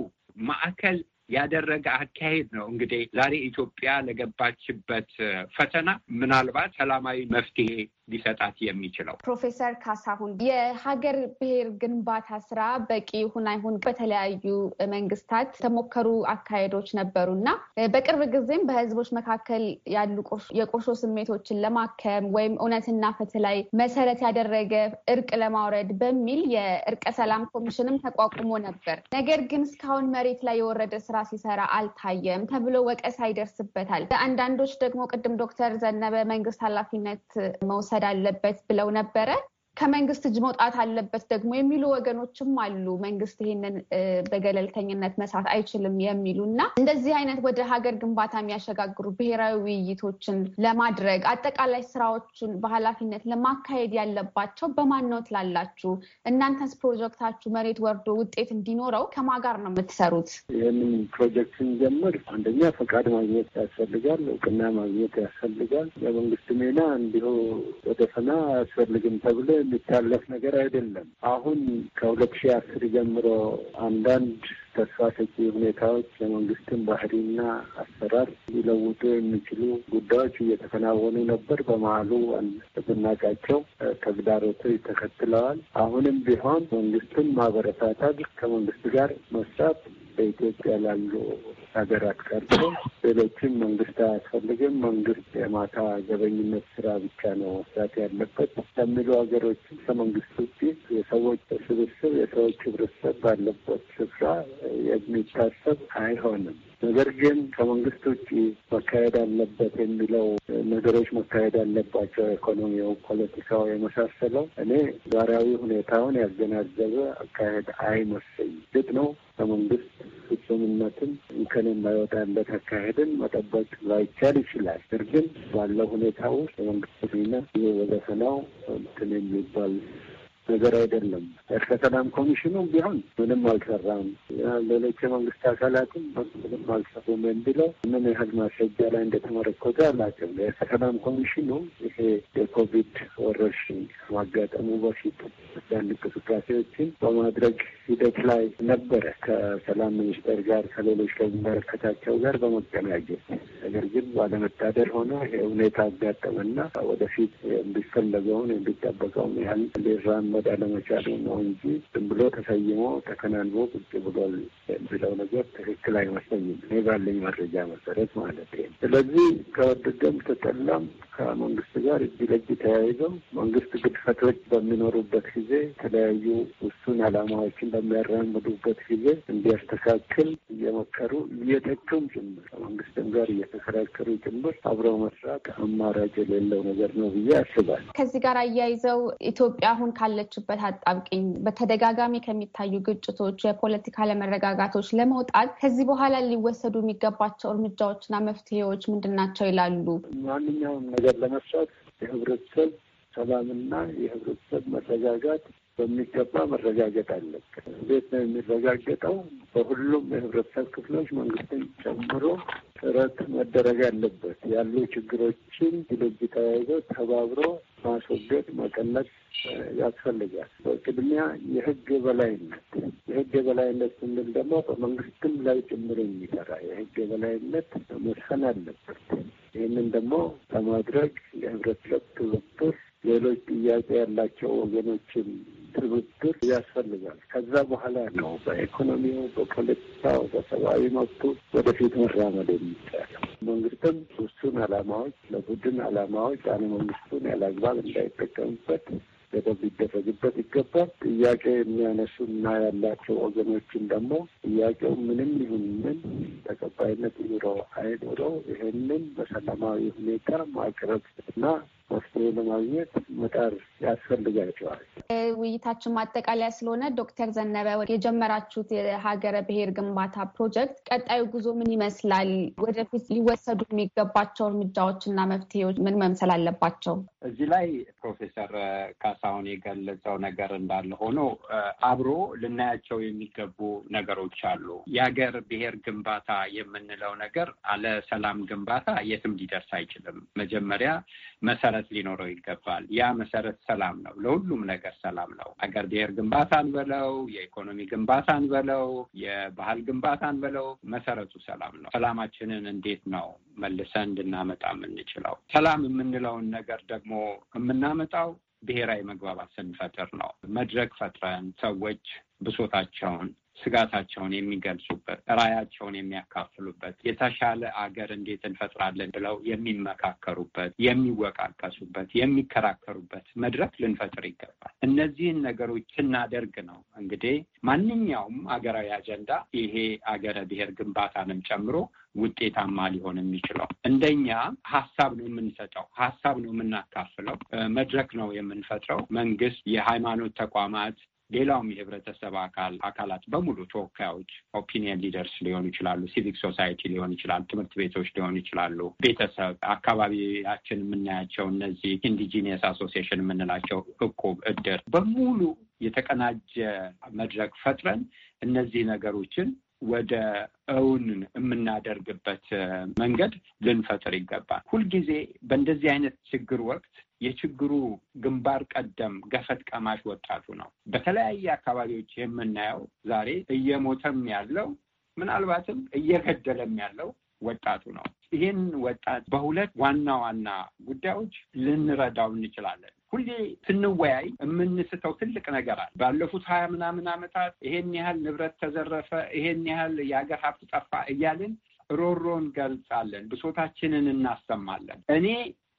ማዕከል ያደረገ አካሄድ ነው። እንግዲህ ዛሬ ኢትዮጵያ ለገባችበት ፈተና ምናልባት ሰላማዊ መፍትሄ ሊሰጣት የሚችለው። ፕሮፌሰር ካሳሁን የሀገር ብሔር ግንባታ ስራ በቂ ይሁን አይሁን በተለያዩ መንግስታት የተሞከሩ አካሄዶች ነበሩ እና በቅርብ ጊዜም በህዝቦች መካከል ያሉ የቁርሾ ስሜቶችን ለማከም ወይም እውነትና ፍትህ ላይ መሰረት ያደረገ እርቅ ለማውረድ በሚል የእርቀ ሰላም ኮሚሽንም ተቋቁሞ ነበር። ነገር ግን እስካሁን መሬት ላይ የወረደ ስራ ሲሰራ አልታየም ተብሎ ወቀሳ ይደርስበታል። አንዳንዶች ደግሞ ቅድም ዶክተር ዘነበ መንግስት ኃላፊነት መውሰድ መውሰድ አለበት ብለው ነበረ። ከመንግስት እጅ መውጣት አለበት ደግሞ የሚሉ ወገኖችም አሉ። መንግስት ይሄንን በገለልተኝነት መስራት አይችልም የሚሉ እና እንደዚህ አይነት ወደ ሀገር ግንባታ የሚያሸጋግሩ ብሔራዊ ውይይቶችን ለማድረግ አጠቃላይ ስራዎችን በኃላፊነት ለማካሄድ ያለባቸው በማን ነው ትላላችሁ? እናንተስ ፕሮጀክታችሁ መሬት ወርዶ ውጤት እንዲኖረው ከማጋር ነው የምትሰሩት? ይህንን ፕሮጀክት ስንጀምር አንደኛ ፈቃድ ማግኘት ያስፈልጋል፣ እውቅና ማግኘት ያስፈልጋል። የመንግስት ሜና እንዲሁ ወደ ፈና አያስፈልግም ተብለን የሚታለፍ ነገር አይደለም። አሁን ከሁለት ሺህ አስር ጀምሮ አንዳንድ ተስፋ ሰጪ ሁኔታዎች የመንግስትን ባህሪና አሰራር ሊለውጡ የሚችሉ ጉዳዮች እየተከናወኑ ነበር። በመሀሉ ብናቃቸው ተግዳሮቶች ተከትለዋል። አሁንም ቢሆን መንግስትን ማበረታታት፣ ከመንግስት ጋር መስራት በኢትዮጵያ ላሉ ሀገራት ቀርቶ ሌሎችም መንግስት አያስፈልግም፣ መንግስት የማታ ገበኝነት ስራ ብቻ ነው መስራት ያለበት ከሚሉ ሀገሮችም ከመንግስት ውጭ የሰዎች ስብስብ የሰዎች ህብረተሰብ ባለበት ስፍራ የሚታሰብ አይሆንም። ነገር ግን ከመንግስት ውጭ መካሄድ አለበት የሚለው ነገሮች መካሄድ አለባቸው። ኢኮኖሚው፣ ፖለቲካው የመሳሰለው እኔ ዛሬያዊ ሁኔታውን ያገናዘበ አካሄድ አይመስለኝ ግጥ ነው ከመንግስት ፍጹምነትን እንከን የማይወጣለት አካሄድን መጠበቅ ላይቻል ይችላል። ነገር ግን ባለው ሁኔታ ውስጥ መንግስት ሚና ይህ ወደ ሰናው እንትን የሚባል ነገር አይደለም። እርቀ ሰላም ኮሚሽኑም ቢሆን ምንም አልሰራም፣ ሌሎች የመንግስት አካላትም ምንም አልሰሩም የሚለው ምን ያህል ማስረጃ ላይ እንደተመረኮዘ አላውቅም። የእርቀ ሰላም ኮሚሽኑ ይሄ የኮቪድ ወረርሽኝ ማጋጠሙ በፊት አንዳንድ እንቅስቃሴዎችን በማድረግ ሂደት ላይ ነበረ ከሰላም ሚኒስቴር ጋር ከሌሎች ከሚመለከታቸው ጋር በመቀናጀት ነገር ግን ባለመታደር ሆነ ሁኔታ አጋጠመና ወደፊት እንዲፈለገውን የሚጠበቀውን ያህል ሊራም መቀመጥ አለመቻሉ ነው እንጂ ዝም ብሎ ተሰይሞ ተከናንቦ ቁጭ ብሏል ብለው ነገር ትክክል አይመስለኝም። እኔ ባለኝ መረጃ መሰረት ማለት ስለዚህ ከወደደም ተጠላም ከመንግስት ጋር እጅ ለእጅ ተያይዘው መንግስት ግድፈቶች በሚኖሩበት ጊዜ የተለያዩ እሱን አላማዎችን በሚያራምዱበት ጊዜ እንዲያስተካክል እየመከሩ እየተቹም ጭምር ከመንግስትም ጋር እየተከራከሩ ጭምር አብረው መስራት አማራጭ የሌለው ነገር ነው ብዬ አስባል ከዚህ ጋር አያይዘው ኢትዮጵያ አሁን ካለ ካለችበት አጣብቅኝ፣ በተደጋጋሚ ከሚታዩ ግጭቶች፣ የፖለቲካ አለመረጋጋቶች ለመውጣት ከዚህ በኋላ ሊወሰዱ የሚገባቸው እርምጃዎችና መፍትሄዎች ምንድን ናቸው ይላሉ? ማንኛውም ነገር ለመስራት የህብረተሰብ ሰላምና የህብረተሰብ መረጋጋት በሚገባ መረጋገጥ አለበት። እንዴት ነው የሚረጋገጠው? በሁሉም የህብረተሰብ ክፍሎች መንግስትን ጨምሮ ጥረት መደረግ አለበት። ያሉ ችግሮችን ልብ ተያይዞ ተባብሮ ማስወገድ መቀነስ ያስፈልጋል። በቅድሚያ የህግ የበላይነት የህግ የበላይነት ስንል ደግሞ በመንግስትም ላይ ጭምር የሚሰራ የህግ የበላይነት መስፈን አለበት። ይህንን ደግሞ ለማድረግ የህብረተሰብ ትብብር ሌሎች ጥያቄ ያላቸው ወገኖችን ትብብር ያስፈልጋል። ከዛ በኋላ ነው በኢኮኖሚው፣ በፖለቲካው፣ በሰብአዊ መብቱ ወደፊት መራመድ የሚቻለው። መንግስትም እሱን ዓላማዎች ለቡድን አላማዎች አነ መንግስቱን ያለግባብ እንዳይጠቀምበት ገደብ ሊደረግበት ይገባል። ጥያቄ የሚያነሱ እና ያላቸው ወገኖችን ደግሞ ጥያቄው ምንም ይሁን ምን ተቀባይነት ይኑረው አይኑረው ይህንን በሰላማዊ ሁኔታ ማቅረብ እና መፍትሄ ለማግኘት መጣር ያስፈልጋቸዋል። ውይይታችን ማጠቃለያ ስለሆነ ዶክተር ዘነበ የጀመራችሁት የሀገረ ብሔር ግንባታ ፕሮጀክት ቀጣዩ ጉዞ ምን ይመስላል? ወደፊት ሊወሰዱ የሚገባቸው እርምጃዎች እና መፍትሄዎች ምን መምሰል አለባቸው? እዚህ ላይ ፕሮፌሰር ካሳሁን የገለጸው ነገር እንዳለ ሆኖ አብሮ ልናያቸው የሚገቡ ነገሮች አሉ። የሀገር ብሔር ግንባታ የምንለው ነገር አለ ሰላም ግንባታ የትም ሊደርስ አይችልም። መጀመሪያ መሰረ መሰረት ሊኖረው ይገባል። ያ መሰረት ሰላም ነው። ለሁሉም ነገር ሰላም ነው። አገር ብሔር ግንባታን በለው፣ የኢኮኖሚ ግንባታን በለው፣ የባህል ግንባታን በለው፣ መሰረቱ ሰላም ነው። ሰላማችንን እንዴት ነው መልሰን እንድናመጣ የምንችለው? ሰላም የምንለውን ነገር ደግሞ የምናመጣው ብሔራዊ መግባባት ስንፈጥር ነው። መድረክ ፈጥረን ሰዎች ብሶታቸውን ስጋታቸውን የሚገልጹበት፣ ራያቸውን የሚያካፍሉበት፣ የተሻለ አገር እንዴት እንፈጥራለን ብለው የሚመካከሩበት፣ የሚወቃቀሱበት፣ የሚከራከሩበት መድረክ ልንፈጥር ይገባል። እነዚህን ነገሮች ስናደርግ ነው እንግዲህ ማንኛውም አገራዊ አጀንዳ ይሄ አገረ ብሔር ግንባታንም ጨምሮ ውጤታማ ሊሆን የሚችለው እንደኛ ሀሳብ ነው የምንሰጠው፣ ሀሳብ ነው የምናካፍለው፣ መድረክ ነው የምንፈጥረው። መንግስት፣ የሃይማኖት ተቋማት፣ ሌላውም የህብረተሰብ አካል አካላት በሙሉ ተወካዮች፣ ኦፒኒየን ሊደርስ ሊሆኑ ይችላሉ፣ ሲቪክ ሶሳይቲ ሊሆን ይችላል፣ ትምህርት ቤቶች ሊሆኑ ይችላሉ፣ ቤተሰብ፣ አካባቢያችን የምናያቸው እነዚህ ኢንዲጂኒየስ አሶሲሽን የምንላቸው እቁብ፣ እድር በሙሉ የተቀናጀ መድረክ ፈጥረን እነዚህ ነገሮችን ወደ እውን የምናደርግበት መንገድ ልንፈጥር ይገባል። ሁልጊዜ በእንደዚህ አይነት ችግር ወቅት የችግሩ ግንባር ቀደም ገፈት ቀማሽ ወጣቱ ነው። በተለያየ አካባቢዎች የምናየው ዛሬ እየሞተም ያለው ምናልባትም እየገደለም ያለው ወጣቱ ነው። ይህን ወጣት በሁለት ዋና ዋና ጉዳዮች ልንረዳው እንችላለን። ሁሌ ስንወያይ የምንስተው ትልቅ ነገር አለ። ባለፉት ሀያ ምናምን ዓመታት ይሄን ያህል ንብረት ተዘረፈ፣ ይሄን ያህል የሀገር ሀብት ጠፋ እያልን ሮሮ እንገልጻለን፣ ብሶታችንን እናሰማለን። እኔ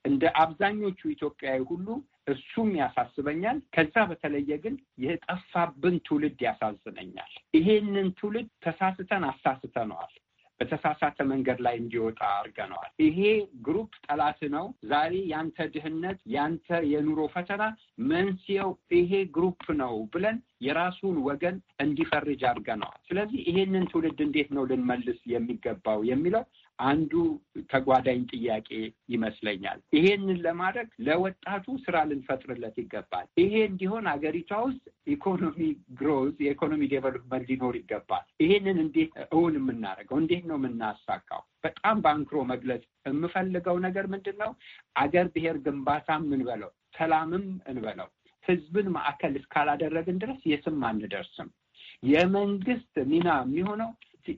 እንደ አብዛኞቹ ኢትዮጵያዊ ሁሉ እሱም ያሳስበኛል። ከዛ በተለየ ግን የጠፋብን ትውልድ ያሳዝነኛል። ይሄንን ትውልድ ተሳስተን አሳስተነዋል። በተሳሳተ መንገድ ላይ እንዲወጣ አድርገነዋል። ይሄ ግሩፕ ጠላት ነው። ዛሬ ያንተ ድህነት፣ ያንተ የኑሮ ፈተና መንስኤው ይሄ ግሩፕ ነው ብለን የራሱን ወገን እንዲፈርጅ አድርገነዋል። ስለዚህ ይሄንን ትውልድ እንዴት ነው ልንመልስ የሚገባው የሚለው አንዱ ተጓዳኝ ጥያቄ ይመስለኛል። ይሄንን ለማድረግ ለወጣቱ ስራ ልንፈጥርለት ይገባል። ይሄ እንዲሆን አገሪቷ ውስጥ ኢኮኖሚ ግሮዝ የኢኮኖሚ ዴቨሎፕመንት ሊኖር ይገባል። ይሄንን እንዴት እውን የምናደርገው እንዴት ነው የምናሳካው? በጣም በአንክሮ መግለጽ የምፈልገው ነገር ምንድን ነው አገር ብሔር ግንባታም እንበለው ሰላምም እንበለው ህዝብን ማዕከል እስካላደረግን ድረስ የስም አንደርስም። የመንግስት ሚና የሚሆነው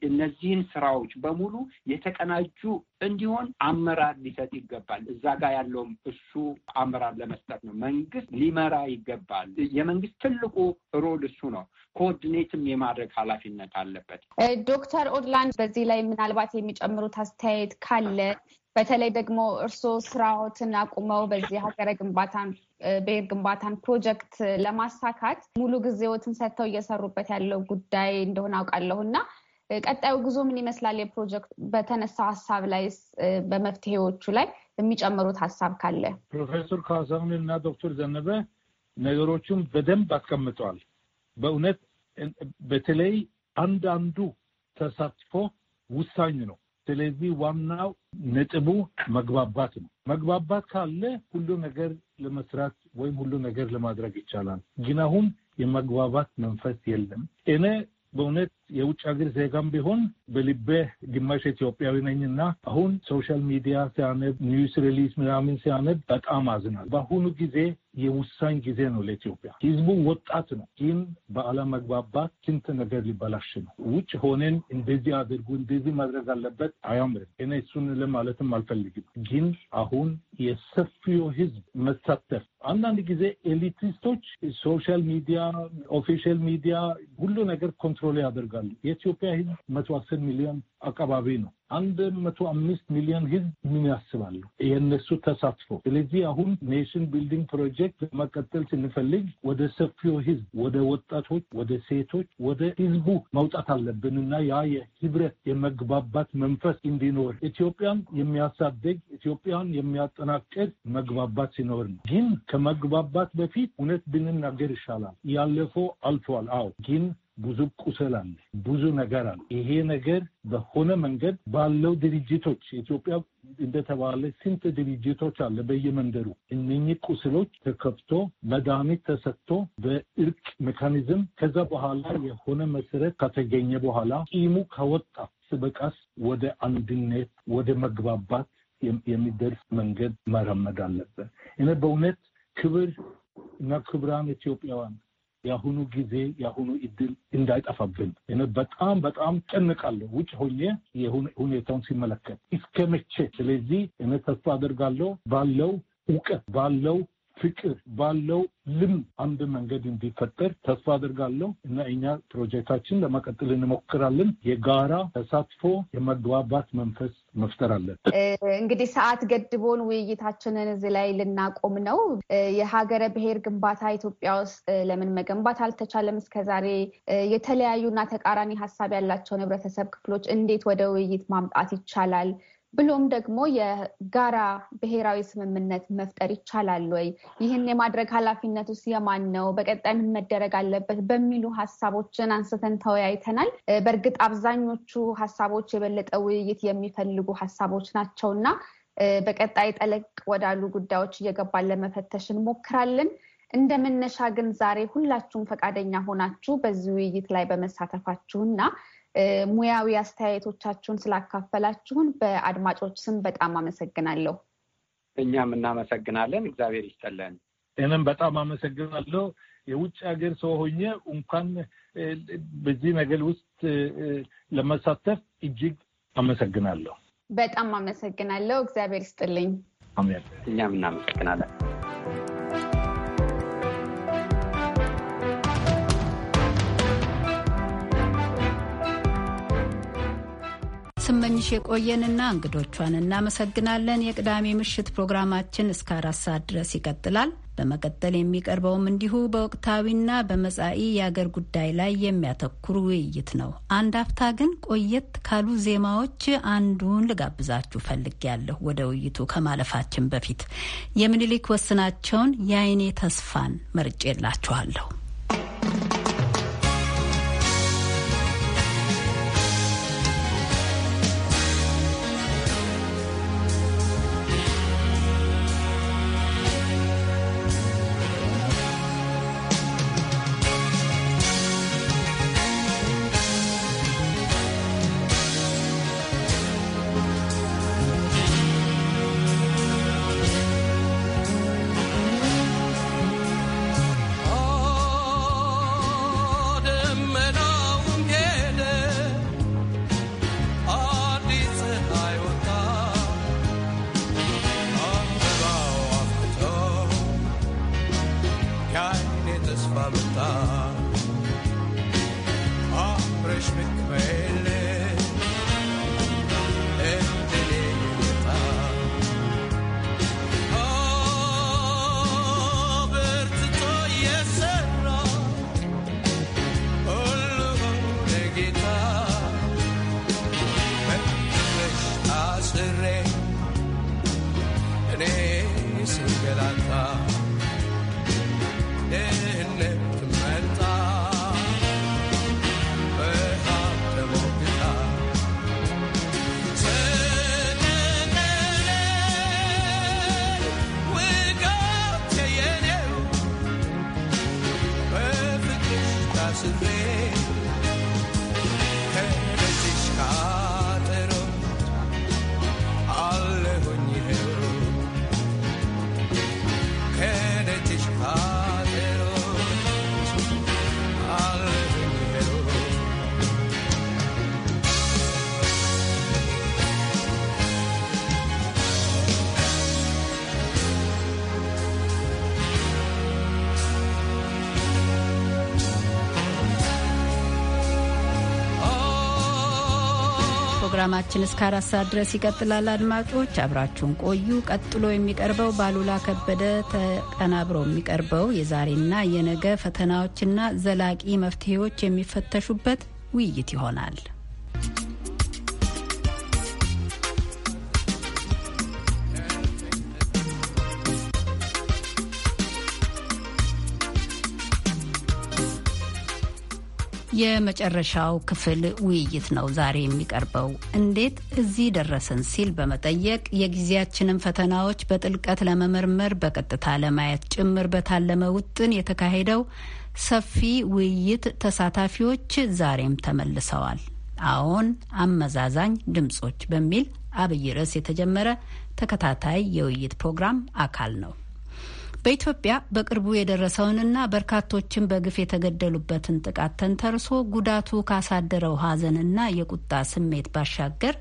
እነዚህን ስራዎች በሙሉ የተቀናጁ እንዲሆን አመራር ሊሰጥ ይገባል። እዛ ጋር ያለውም እሱ አመራር ለመስጠት ነው። መንግስት ሊመራ ይገባል። የመንግስት ትልቁ ሮል እሱ ነው። ኮኦርዲኔትም የማድረግ ኃላፊነት አለበት። ዶክተር ኦድላንድ በዚህ ላይ ምናልባት የሚጨምሩት አስተያየት ካለ በተለይ ደግሞ እርስዎ ስራዎትን አቁመው በዚህ ሀገረ ግንባታን ብሔር ግንባታን ፕሮጀክት ለማሳካት ሙሉ ጊዜዎትን ሰጥተው እየሰሩበት ያለው ጉዳይ እንደሆነ አውቃለሁ እና ቀጣዩ ጉዞ ምን ይመስላል? የፕሮጀክት በተነሳው ሀሳብ ላይ በመፍትሄዎቹ ላይ የሚጨምሩት ሀሳብ ካለ ፕሮፌሰር ካሳሁን እና ዶክተር ዘነበ ነገሮቹን በደንብ አስቀምጠዋል። በእውነት በተለይ አንዳንዱ ተሳትፎ ውሳኝ ነው። ስለዚህ ዋናው ነጥቡ መግባባት ነው። መግባባት ካለ ሁሉ ነገር ለመስራት ወይም ሁሉ ነገር ለማድረግ ይቻላል። ግን አሁን የመግባባት መንፈስ የለም። እኔ በእውነት የውጭ ሀገር ዜጋም ቢሆን በልቤ ግማሽ ኢትዮጵያዊ እና አሁን ሶሻል ሚዲያ ሲያነብ ኒውስ ሪሊዝ ምናምን ሲያነብ በጣም አዝናል። በአሁኑ ጊዜ የውሳኝ ጊዜ ነው ለኢትዮጵያ። ህዝቡ ወጣት ነው፣ ግን በአለመግባባት ስንት ነገር ሊበላሽ ነው። ውጭ ሆነን እንደዚህ አድርጉ እንደዚህ ማድረግ አለበት አያምርም። እኔ እሱን ለማለትም አልፈልግም፣ ግን አሁን የሰፊው ህዝብ መሳተፍ አንዳንድ ጊዜ ኤሊቲስቶች ሶሻል ሚዲያ ኦፊሻል ሚዲያ ሁሉ ነገር ኮንትሮል ያደርጋል ያደርጋሉ። የኢትዮጵያ ህዝብ መቶ አስር ሚሊዮን አካባቢ ነው። አንድ መቶ አምስት ሚሊዮን ህዝብ ምን ያስባሉ? የእነሱ ተሳትፎ። ስለዚህ አሁን ኔሽን ቢልዲንግ ፕሮጀክት መቀጠል ስንፈልግ ወደ ሰፊው ህዝብ ወደ ወጣቶች፣ ወደ ሴቶች፣ ወደ ህዝቡ መውጣት አለብን እና ያ የህብረት የመግባባት መንፈስ እንዲኖር ኢትዮጵያን የሚያሳድግ ኢትዮጵያን የሚያጠናቅር መግባባት ሲኖር ነው። ግን ከመግባባት በፊት እውነት ብንናገር ይሻላል። ያለፈው አልፏል። አዎ ግን ብዙ ቁስል አለ፣ ብዙ ነገር አለ። ይሄ ነገር በሆነ መንገድ ባለው ድርጅቶች ኢትዮጵያ እንደተባለ ስንት ድርጅቶች አለ በየመንደሩ። እነኚህ ቁስሎች ተከፍቶ መድኃኒት ተሰጥቶ በእርቅ ሜካኒዝም ከዛ በኋላ የሆነ መሰረት ከተገኘ በኋላ ቂሙ ከወጣ በቃስ ወደ አንድነት ወደ መግባባት የሚደርስ መንገድ መራመድ አለብን። እኔ በእውነት ክብር እና ክብራን ኢትዮጵያውያን የአሁኑ ጊዜ የአሁኑ እድል እንዳይጠፋብን በጣም በጣም ጨንቃለሁ። ውጭ ሆኜ ሁኔታውን ሲመለከት እስከ መቼ? ስለዚህ እኔ ተስፋ አደርጋለሁ ባለው እውቀት ባለው ፍቅር ባለው ልም አንድ መንገድ እንዲፈጠር ተስፋ አድርጋለሁ እና እኛ ፕሮጀክታችን ለመቀጠል እንሞክራለን። የጋራ ተሳትፎ የመግባባት መንፈስ መፍጠር አለን። እንግዲህ ሰዓት ገድቦን ውይይታችንን እዚህ ላይ ልናቆም ነው። የሀገረ ብሔር ግንባታ ኢትዮጵያ ውስጥ ለምን መገንባት አልተቻለም? እስከዛሬ የተለያዩና ተቃራኒ ሀሳብ ያላቸውን ህብረተሰብ ክፍሎች እንዴት ወደ ውይይት ማምጣት ይቻላል? ብሎም ደግሞ የጋራ ብሔራዊ ስምምነት መፍጠር ይቻላል ወይ? ይህን የማድረግ ኃላፊነት ውስጥ የማን ነው? በቀጣይ ምን መደረግ አለበት? በሚሉ ሀሳቦችን አንስተን ተወያይተናል። በእርግጥ አብዛኞቹ ሀሳቦች የበለጠ ውይይት የሚፈልጉ ሀሳቦች ናቸው እና በቀጣይ ጠለቅ ወዳሉ ጉዳዮች እየገባን ለመፈተሽ እንሞክራለን። እንደ መነሻ ግን ዛሬ ሁላችሁም ፈቃደኛ ሆናችሁ በዚህ ውይይት ላይ በመሳተፋችሁ እና ሙያዊ አስተያየቶቻችሁን ስላካፈላችሁን በአድማጮች ስም በጣም አመሰግናለሁ። እኛም እናመሰግናለን። እግዚአብሔር ይስጠለን። እኔም በጣም አመሰግናለሁ። የውጭ ሀገር ሰው ሆኜ እንኳን በዚህ ነገር ውስጥ ለመሳተፍ እጅግ አመሰግናለሁ። በጣም አመሰግናለሁ። እግዚአብሔር ይስጥልኝ። እኛም እናመሰግናለን። ስመኝሽ የቆየንና እንግዶቿን እናመሰግናለን። የቅዳሜ ምሽት ፕሮግራማችን እስከ አራት ሰዓት ድረስ ይቀጥላል። በመቀጠል የሚቀርበውም እንዲሁ በወቅታዊና በመጻኢ የአገር ጉዳይ ላይ የሚያተኩር ውይይት ነው። አንድ አፍታ ግን ቆየት ካሉ ዜማዎች አንዱን ልጋብዛችሁ ፈልጌያለሁ። ወደ ውይይቱ ከማለፋችን በፊት የምኒልክ ወስናቸውን የአይኔ ተስፋን መርጬላችኋለሁ። ፕሮግራማችን እስከ አራት ሰዓት ድረስ ይቀጥላል። አድማጮች አብራችሁን ቆዩ። ቀጥሎ የሚቀርበው ባሉላ ከበደ ተቀናብሮ የሚቀርበው የዛሬና የነገ ፈተናዎችና ዘላቂ መፍትሄዎች የሚፈተሹበት ውይይት ይሆናል። የመጨረሻው ክፍል ውይይት ነው ዛሬ የሚቀርበው። እንዴት እዚህ ደረሰን ሲል በመጠየቅ የጊዜያችንን ፈተናዎች በጥልቀት ለመመርመር በቀጥታ ለማየት ጭምር በታለመ ውጥን የተካሄደው ሰፊ ውይይት ተሳታፊዎች ዛሬም ተመልሰዋል። አዎን አመዛዛኝ ድምጾች በሚል አብይ ርዕስ የተጀመረ ተከታታይ የውይይት ፕሮግራም አካል ነው። በኢትዮጵያ በቅርቡ የደረሰውንና በርካቶችን በግፍ የተገደሉበትን ጥቃት ተንተርሶ ጉዳቱ ካሳደረው ሀዘንና የቁጣ ስሜት ባሻገር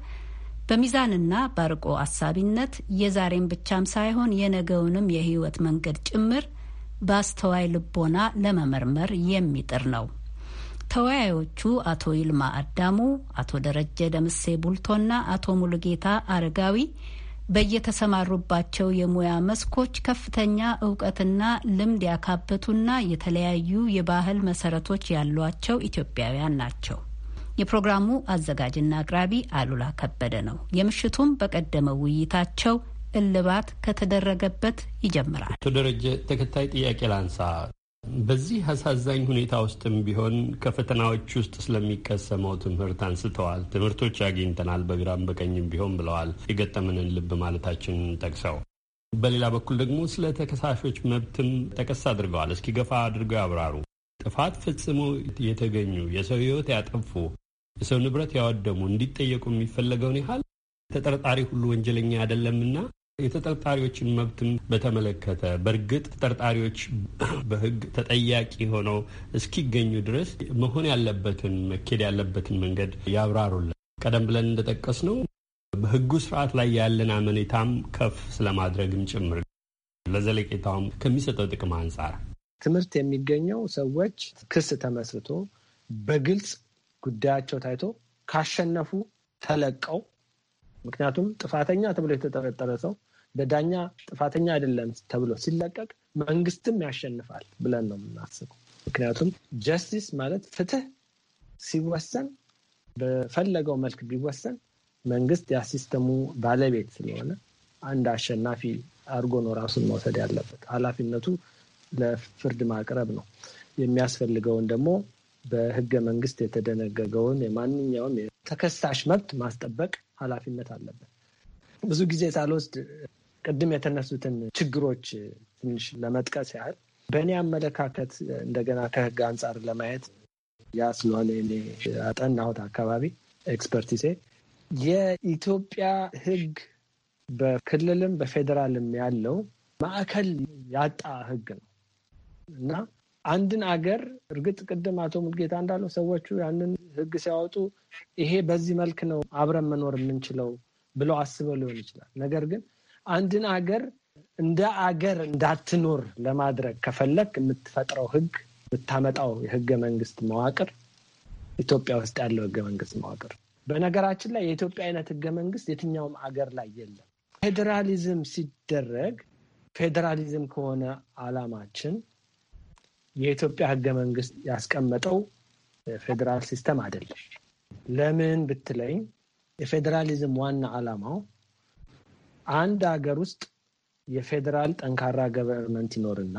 በሚዛንና በአርቆ አሳቢነት የዛሬን ብቻም ሳይሆን የነገውንም የህይወት መንገድ ጭምር በአስተዋይ ልቦና ለመመርመር የሚጥር ነው። ተወያዮቹ አቶ ይልማ አዳሙ፣ አቶ ደረጀ ደምሴ ቡልቶና አቶ ሙሉጌታ አረጋዊ በየተሰማሩባቸው የሙያ መስኮች ከፍተኛ እውቀትና ልምድ ያካበቱና የተለያዩ የባህል መሰረቶች ያሏቸው ኢትዮጵያውያን ናቸው። የፕሮግራሙ አዘጋጅና አቅራቢ አሉላ ከበደ ነው። የምሽቱም በቀደመው ውይይታቸው እልባት ከተደረገበት ይጀምራል። ደረጀ ተከታይ ጥያቄ ላንሳ። በዚህ አሳዛኝ ሁኔታ ውስጥም ቢሆን ከፈተናዎች ውስጥ ስለሚቀሰመው ትምህርት አንስተዋል። ትምህርቶች አግኝተናል በግራም በቀኝም ቢሆን ብለዋል። የገጠመንን ልብ ማለታችንን ጠቅሰው በሌላ በኩል ደግሞ ስለ ተከሳሾች መብትም ጠቀስ አድርገዋል። እስኪ ገፋ አድርገው ያብራሩ። ጥፋት ፈጽመው የተገኙ የሰው ሕይወት ያጠፉ የሰው ንብረት ያወደሙ እንዲጠየቁ የሚፈለገውን ያህል ተጠርጣሪ ሁሉ ወንጀለኛ አይደለምና የተጠርጣሪዎችን መብትም በተመለከተ በእርግጥ ተጠርጣሪዎች በሕግ ተጠያቂ ሆነው እስኪገኙ ድረስ መሆን ያለበትን መኬድ ያለበትን መንገድ ያብራሩልን። ቀደም ብለን እንደጠቀስ ነው በሕጉ ስርዓት ላይ ያለን አመኔታም ከፍ ስለማድረግም ጭምር ለዘለቄታውም ከሚሰጠው ጥቅም አንጻር ትምህርት የሚገኘው ሰዎች ክስ ተመስርቶ በግልጽ ጉዳያቸው ታይቶ ካሸነፉ ተለቀው ምክንያቱም ጥፋተኛ ተብሎ የተጠረጠረ ሰው በዳኛ ጥፋተኛ አይደለም ተብሎ ሲለቀቅ መንግስትም ያሸንፋል ብለን ነው የምናስበው። ምክንያቱም ጀስቲስ ማለት ፍትህ ሲወሰን በፈለገው መልክ ቢወሰን መንግስት የሲስተሙ ባለቤት ስለሆነ አንድ አሸናፊ አድርጎ ነው ራሱን መውሰድ ያለበት። ኃላፊነቱ ለፍርድ ማቅረብ ነው። የሚያስፈልገውን ደግሞ በህገ መንግስት የተደነገገውን የማንኛውም ተከሳሽ መብት ማስጠበቅ ኃላፊነት አለበት። ብዙ ጊዜ ሳልወስድ ቅድም የተነሱትን ችግሮች ትንሽ ለመጥቀስ ያህል በእኔ አመለካከት እንደገና ከህግ አንጻር ለማየት ያ ስለሆነ እኔ አጠናሁት አካባቢ ኤክስፐርቲሴ የኢትዮጵያ ህግ በክልልም በፌዴራልም ያለው ማዕከል ያጣ ህግ ነው እና አንድን አገር እርግጥ ቅድም አቶ ሙልጌታ እንዳለው ሰዎቹ ያንን ህግ ሲያወጡ ይሄ በዚህ መልክ ነው አብረን መኖር የምንችለው ብለው አስበው ሊሆን ይችላል። ነገር ግን አንድን አገር እንደ አገር እንዳትኖር ለማድረግ ከፈለግ የምትፈጥረው ህግ የምታመጣው የህገ መንግስት መዋቅር ኢትዮጵያ ውስጥ ያለው ህገ መንግስት መዋቅር በነገራችን ላይ የኢትዮጵያ አይነት ህገ መንግስት የትኛውም አገር ላይ የለም። ፌዴራሊዝም ሲደረግ ፌዴራሊዝም ከሆነ አላማችን የኢትዮጵያ ህገ መንግስት ያስቀመጠው ፌዴራል ሲስተም አይደለም። ለምን ብትለይ የፌዴራሊዝም ዋና ዓላማው አንድ ሀገር ውስጥ የፌዴራል ጠንካራ ገቨርንመንት ይኖርና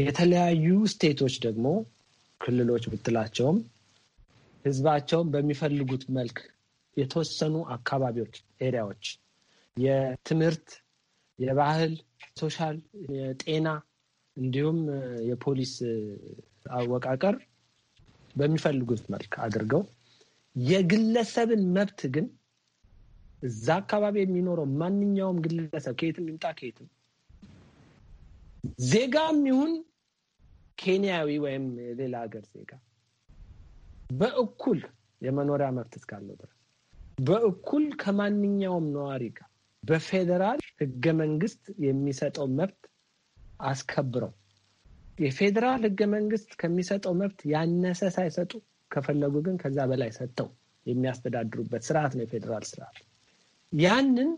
የተለያዩ ስቴቶች ደግሞ ክልሎች ብትላቸውም ህዝባቸውን በሚፈልጉት መልክ የተወሰኑ አካባቢዎች፣ ኤሪያዎች የትምህርት፣ የባህል፣ ሶሻል፣ የጤና እንዲሁም የፖሊስ አወቃቀር በሚፈልጉት መልክ አድርገው የግለሰብን መብት ግን እዛ አካባቢ የሚኖረው ማንኛውም ግለሰብ ከየትም ይምጣ ከየትም ዜጋም ይሁን ኬንያዊ ወይም የሌላ ሀገር ዜጋ በእኩል የመኖሪያ መብት እስካለው ድረስ በእኩል ከማንኛውም ነዋሪ ጋር በፌዴራል ሕገ መንግስት የሚሰጠው መብት አስከብረው የፌዴራል ህገ መንግስት ከሚሰጠው መብት ያነሰ ሳይሰጡ ከፈለጉ ግን ከዛ በላይ ሰጥተው የሚያስተዳድሩበት ስርዓት ነው የፌዴራል ስርዓት። ያንን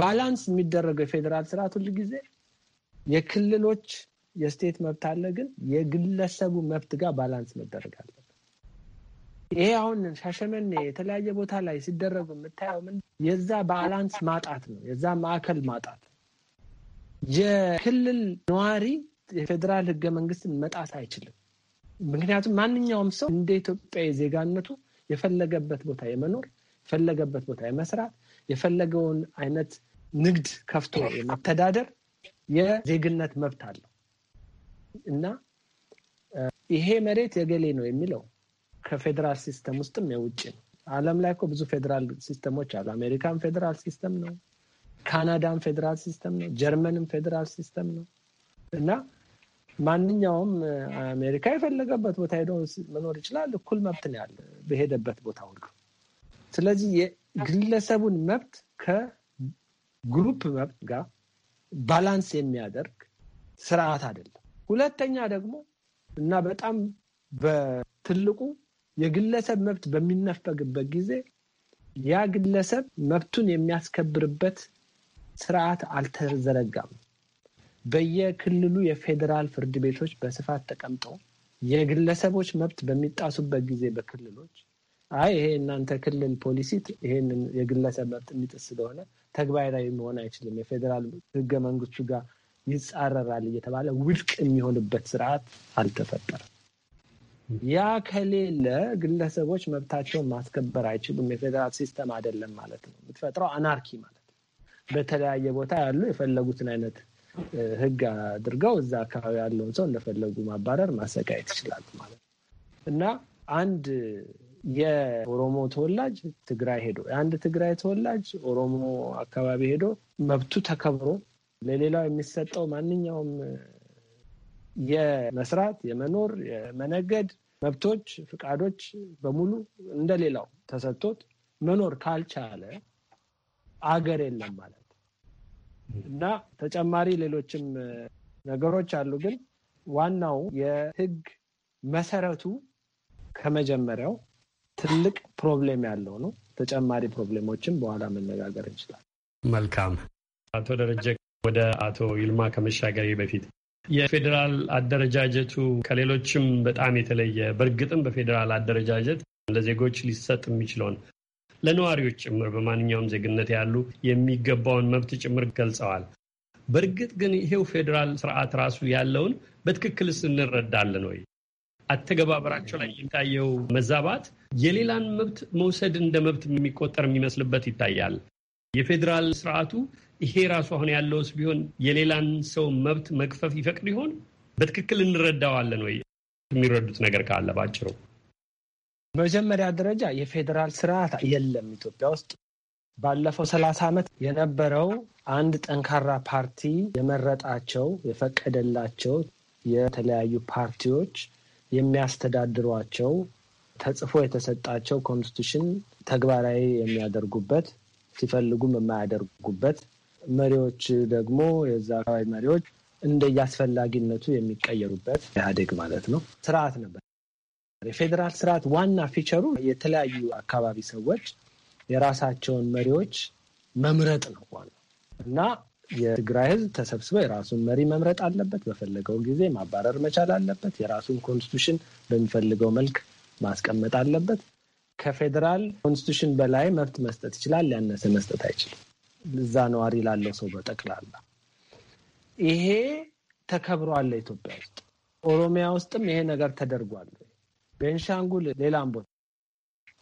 ባላንስ የሚደረገው የፌዴራል ስርዓት ሁል ጊዜ የክልሎች የስቴት መብት አለ፣ ግን የግለሰቡ መብት ጋር ባላንስ መደረግ አለበት። ይሄ አሁን ሻሸመኔ የተለያየ ቦታ ላይ ሲደረጉ የምታየው ምን የዛ ባላንስ ማጣት ነው፣ የዛ ማዕከል ማጣት የክልል ነዋሪ የፌዴራል ህገ መንግስትን መጣት አይችልም። ምክንያቱም ማንኛውም ሰው እንደ ኢትዮጵያ ዜጋነቱ የፈለገበት ቦታ የመኖር የፈለገበት ቦታ የመስራት የፈለገውን አይነት ንግድ ከፍቶ የመተዳደር የዜግነት መብት አለው እና ይሄ መሬት የገሌ ነው የሚለው ከፌዴራል ሲስተም ውስጥም የውጭ ነው። ዓለም ላይ እኮ ብዙ ፌዴራል ሲስተሞች አሉ። አሜሪካን ፌዴራል ሲስተም ነው፣ ካናዳን ፌዴራል ሲስተም ነው፣ ጀርመንም ፌዴራል ሲስተም ነው እና ማንኛውም አሜሪካ የፈለገበት ቦታ ሄዶ መኖር ይችላል። እኩል መብት ነው ያለ በሄደበት ቦታ ሁሉ። ስለዚህ የግለሰቡን መብት ከግሩፕ መብት ጋር ባላንስ የሚያደርግ ስርዓት አይደለም። ሁለተኛ ደግሞ እና በጣም በትልቁ የግለሰብ መብት በሚነፈግበት ጊዜ ያ ግለሰብ መብቱን የሚያስከብርበት ስርዓት አልተዘረጋም። በየክልሉ የፌዴራል ፍርድ ቤቶች በስፋት ተቀምጠው የግለሰቦች መብት በሚጣሱበት ጊዜ በክልሎች አይ ይሄ እናንተ ክልል ፖሊሲ ይሄንን የግለሰብ መብት የሚጥስ ስለሆነ ተግባራዊ መሆን አይችልም፣ የፌዴራል ህገ መንግስቱ ጋር ይጻረራል እየተባለ ውድቅ የሚሆንበት ስርዓት አልተፈጠረም። ያ ከሌለ ግለሰቦች መብታቸውን ማስከበር አይችሉም። የፌዴራል ሲስተም አይደለም ማለት ነው። የምትፈጥረው አናርኪ ማለት ነው። በተለያየ ቦታ ያሉ የፈለጉትን አይነት ህግ አድርገው እዛ አካባቢ ያለውን ሰው እንደፈለጉ ማባረር፣ ማሰቃየት ይችላል ማለት ነው እና አንድ የኦሮሞ ተወላጅ ትግራይ ሄዶ የአንድ ትግራይ ተወላጅ ኦሮሞ አካባቢ ሄዶ መብቱ ተከብሮ ለሌላው የሚሰጠው ማንኛውም የመስራት፣ የመኖር፣ የመነገድ መብቶች፣ ፍቃዶች በሙሉ እንደሌላው ተሰጥቶት መኖር ካልቻለ አገር የለም ማለት ነው። እና ተጨማሪ ሌሎችም ነገሮች አሉ። ግን ዋናው የህግ መሰረቱ ከመጀመሪያው ትልቅ ፕሮብሌም ያለው ነው። ተጨማሪ ፕሮብሌሞችን በኋላ መነጋገር እንችላል። መልካም። አቶ ደረጀ ወደ አቶ ይልማ ከመሻገሬ በፊት የፌዴራል አደረጃጀቱ ከሌሎችም በጣም የተለየ በእርግጥም በፌዴራል አደረጃጀት ለዜጎች ሊሰጥ የሚችለውን ለነዋሪዎች ጭምር በማንኛውም ዜግነት ያሉ የሚገባውን መብት ጭምር ገልጸዋል። በእርግጥ ግን ይሄው ፌዴራል ስርዓት ራሱ ያለውን በትክክልስ እንረዳለን ወይ? አተገባበራቸው ላይ የሚታየው መዛባት የሌላን መብት መውሰድ እንደ መብት የሚቆጠር የሚመስልበት ይታያል። የፌዴራል ስርዓቱ ይሄ ራሱ አሁን ያለውስ ቢሆን የሌላን ሰው መብት መግፈፍ ይፈቅድ ይሆን? በትክክል እንረዳዋለን ወይ? የሚረዱት ነገር ካለ ባጭሩ መጀመሪያ ደረጃ የፌዴራል ስርዓት የለም ኢትዮጵያ ውስጥ። ባለፈው ሰላሳ ዓመት የነበረው አንድ ጠንካራ ፓርቲ የመረጣቸው የፈቀደላቸው የተለያዩ ፓርቲዎች የሚያስተዳድሯቸው ተጽፎ የተሰጣቸው ኮንስቲቱሽን ተግባራዊ የሚያደርጉበት ሲፈልጉም የማያደርጉበት መሪዎች ደግሞ የዛ አካባቢ መሪዎች እንደየአስፈላጊነቱ የሚቀየሩበት ኢህአዴግ ማለት ነው ስርዓት ነበር። የፌዴራል ስርዓት ዋና ፊቸሩ የተለያዩ አካባቢ ሰዎች የራሳቸውን መሪዎች መምረጥ ነው ዋና እና የትግራይ ህዝብ ተሰብስበው የራሱን መሪ መምረጥ አለበት። በፈለገው ጊዜ ማባረር መቻል አለበት። የራሱን ኮንስቲቱሽን በሚፈልገው መልክ ማስቀመጥ አለበት። ከፌዴራል ኮንስቲቱሽን በላይ መብት መስጠት ይችላል፣ ያነሰ መስጠት አይችልም። እዛ ነዋሪ ላለው ሰው በጠቅላላ ይሄ ተከብሯል። ኢትዮጵያ ውስጥ ኦሮሚያ ውስጥም ይሄ ነገር ተደርጓል። ቤንሻንጉል፣ ሌላም ቦታ።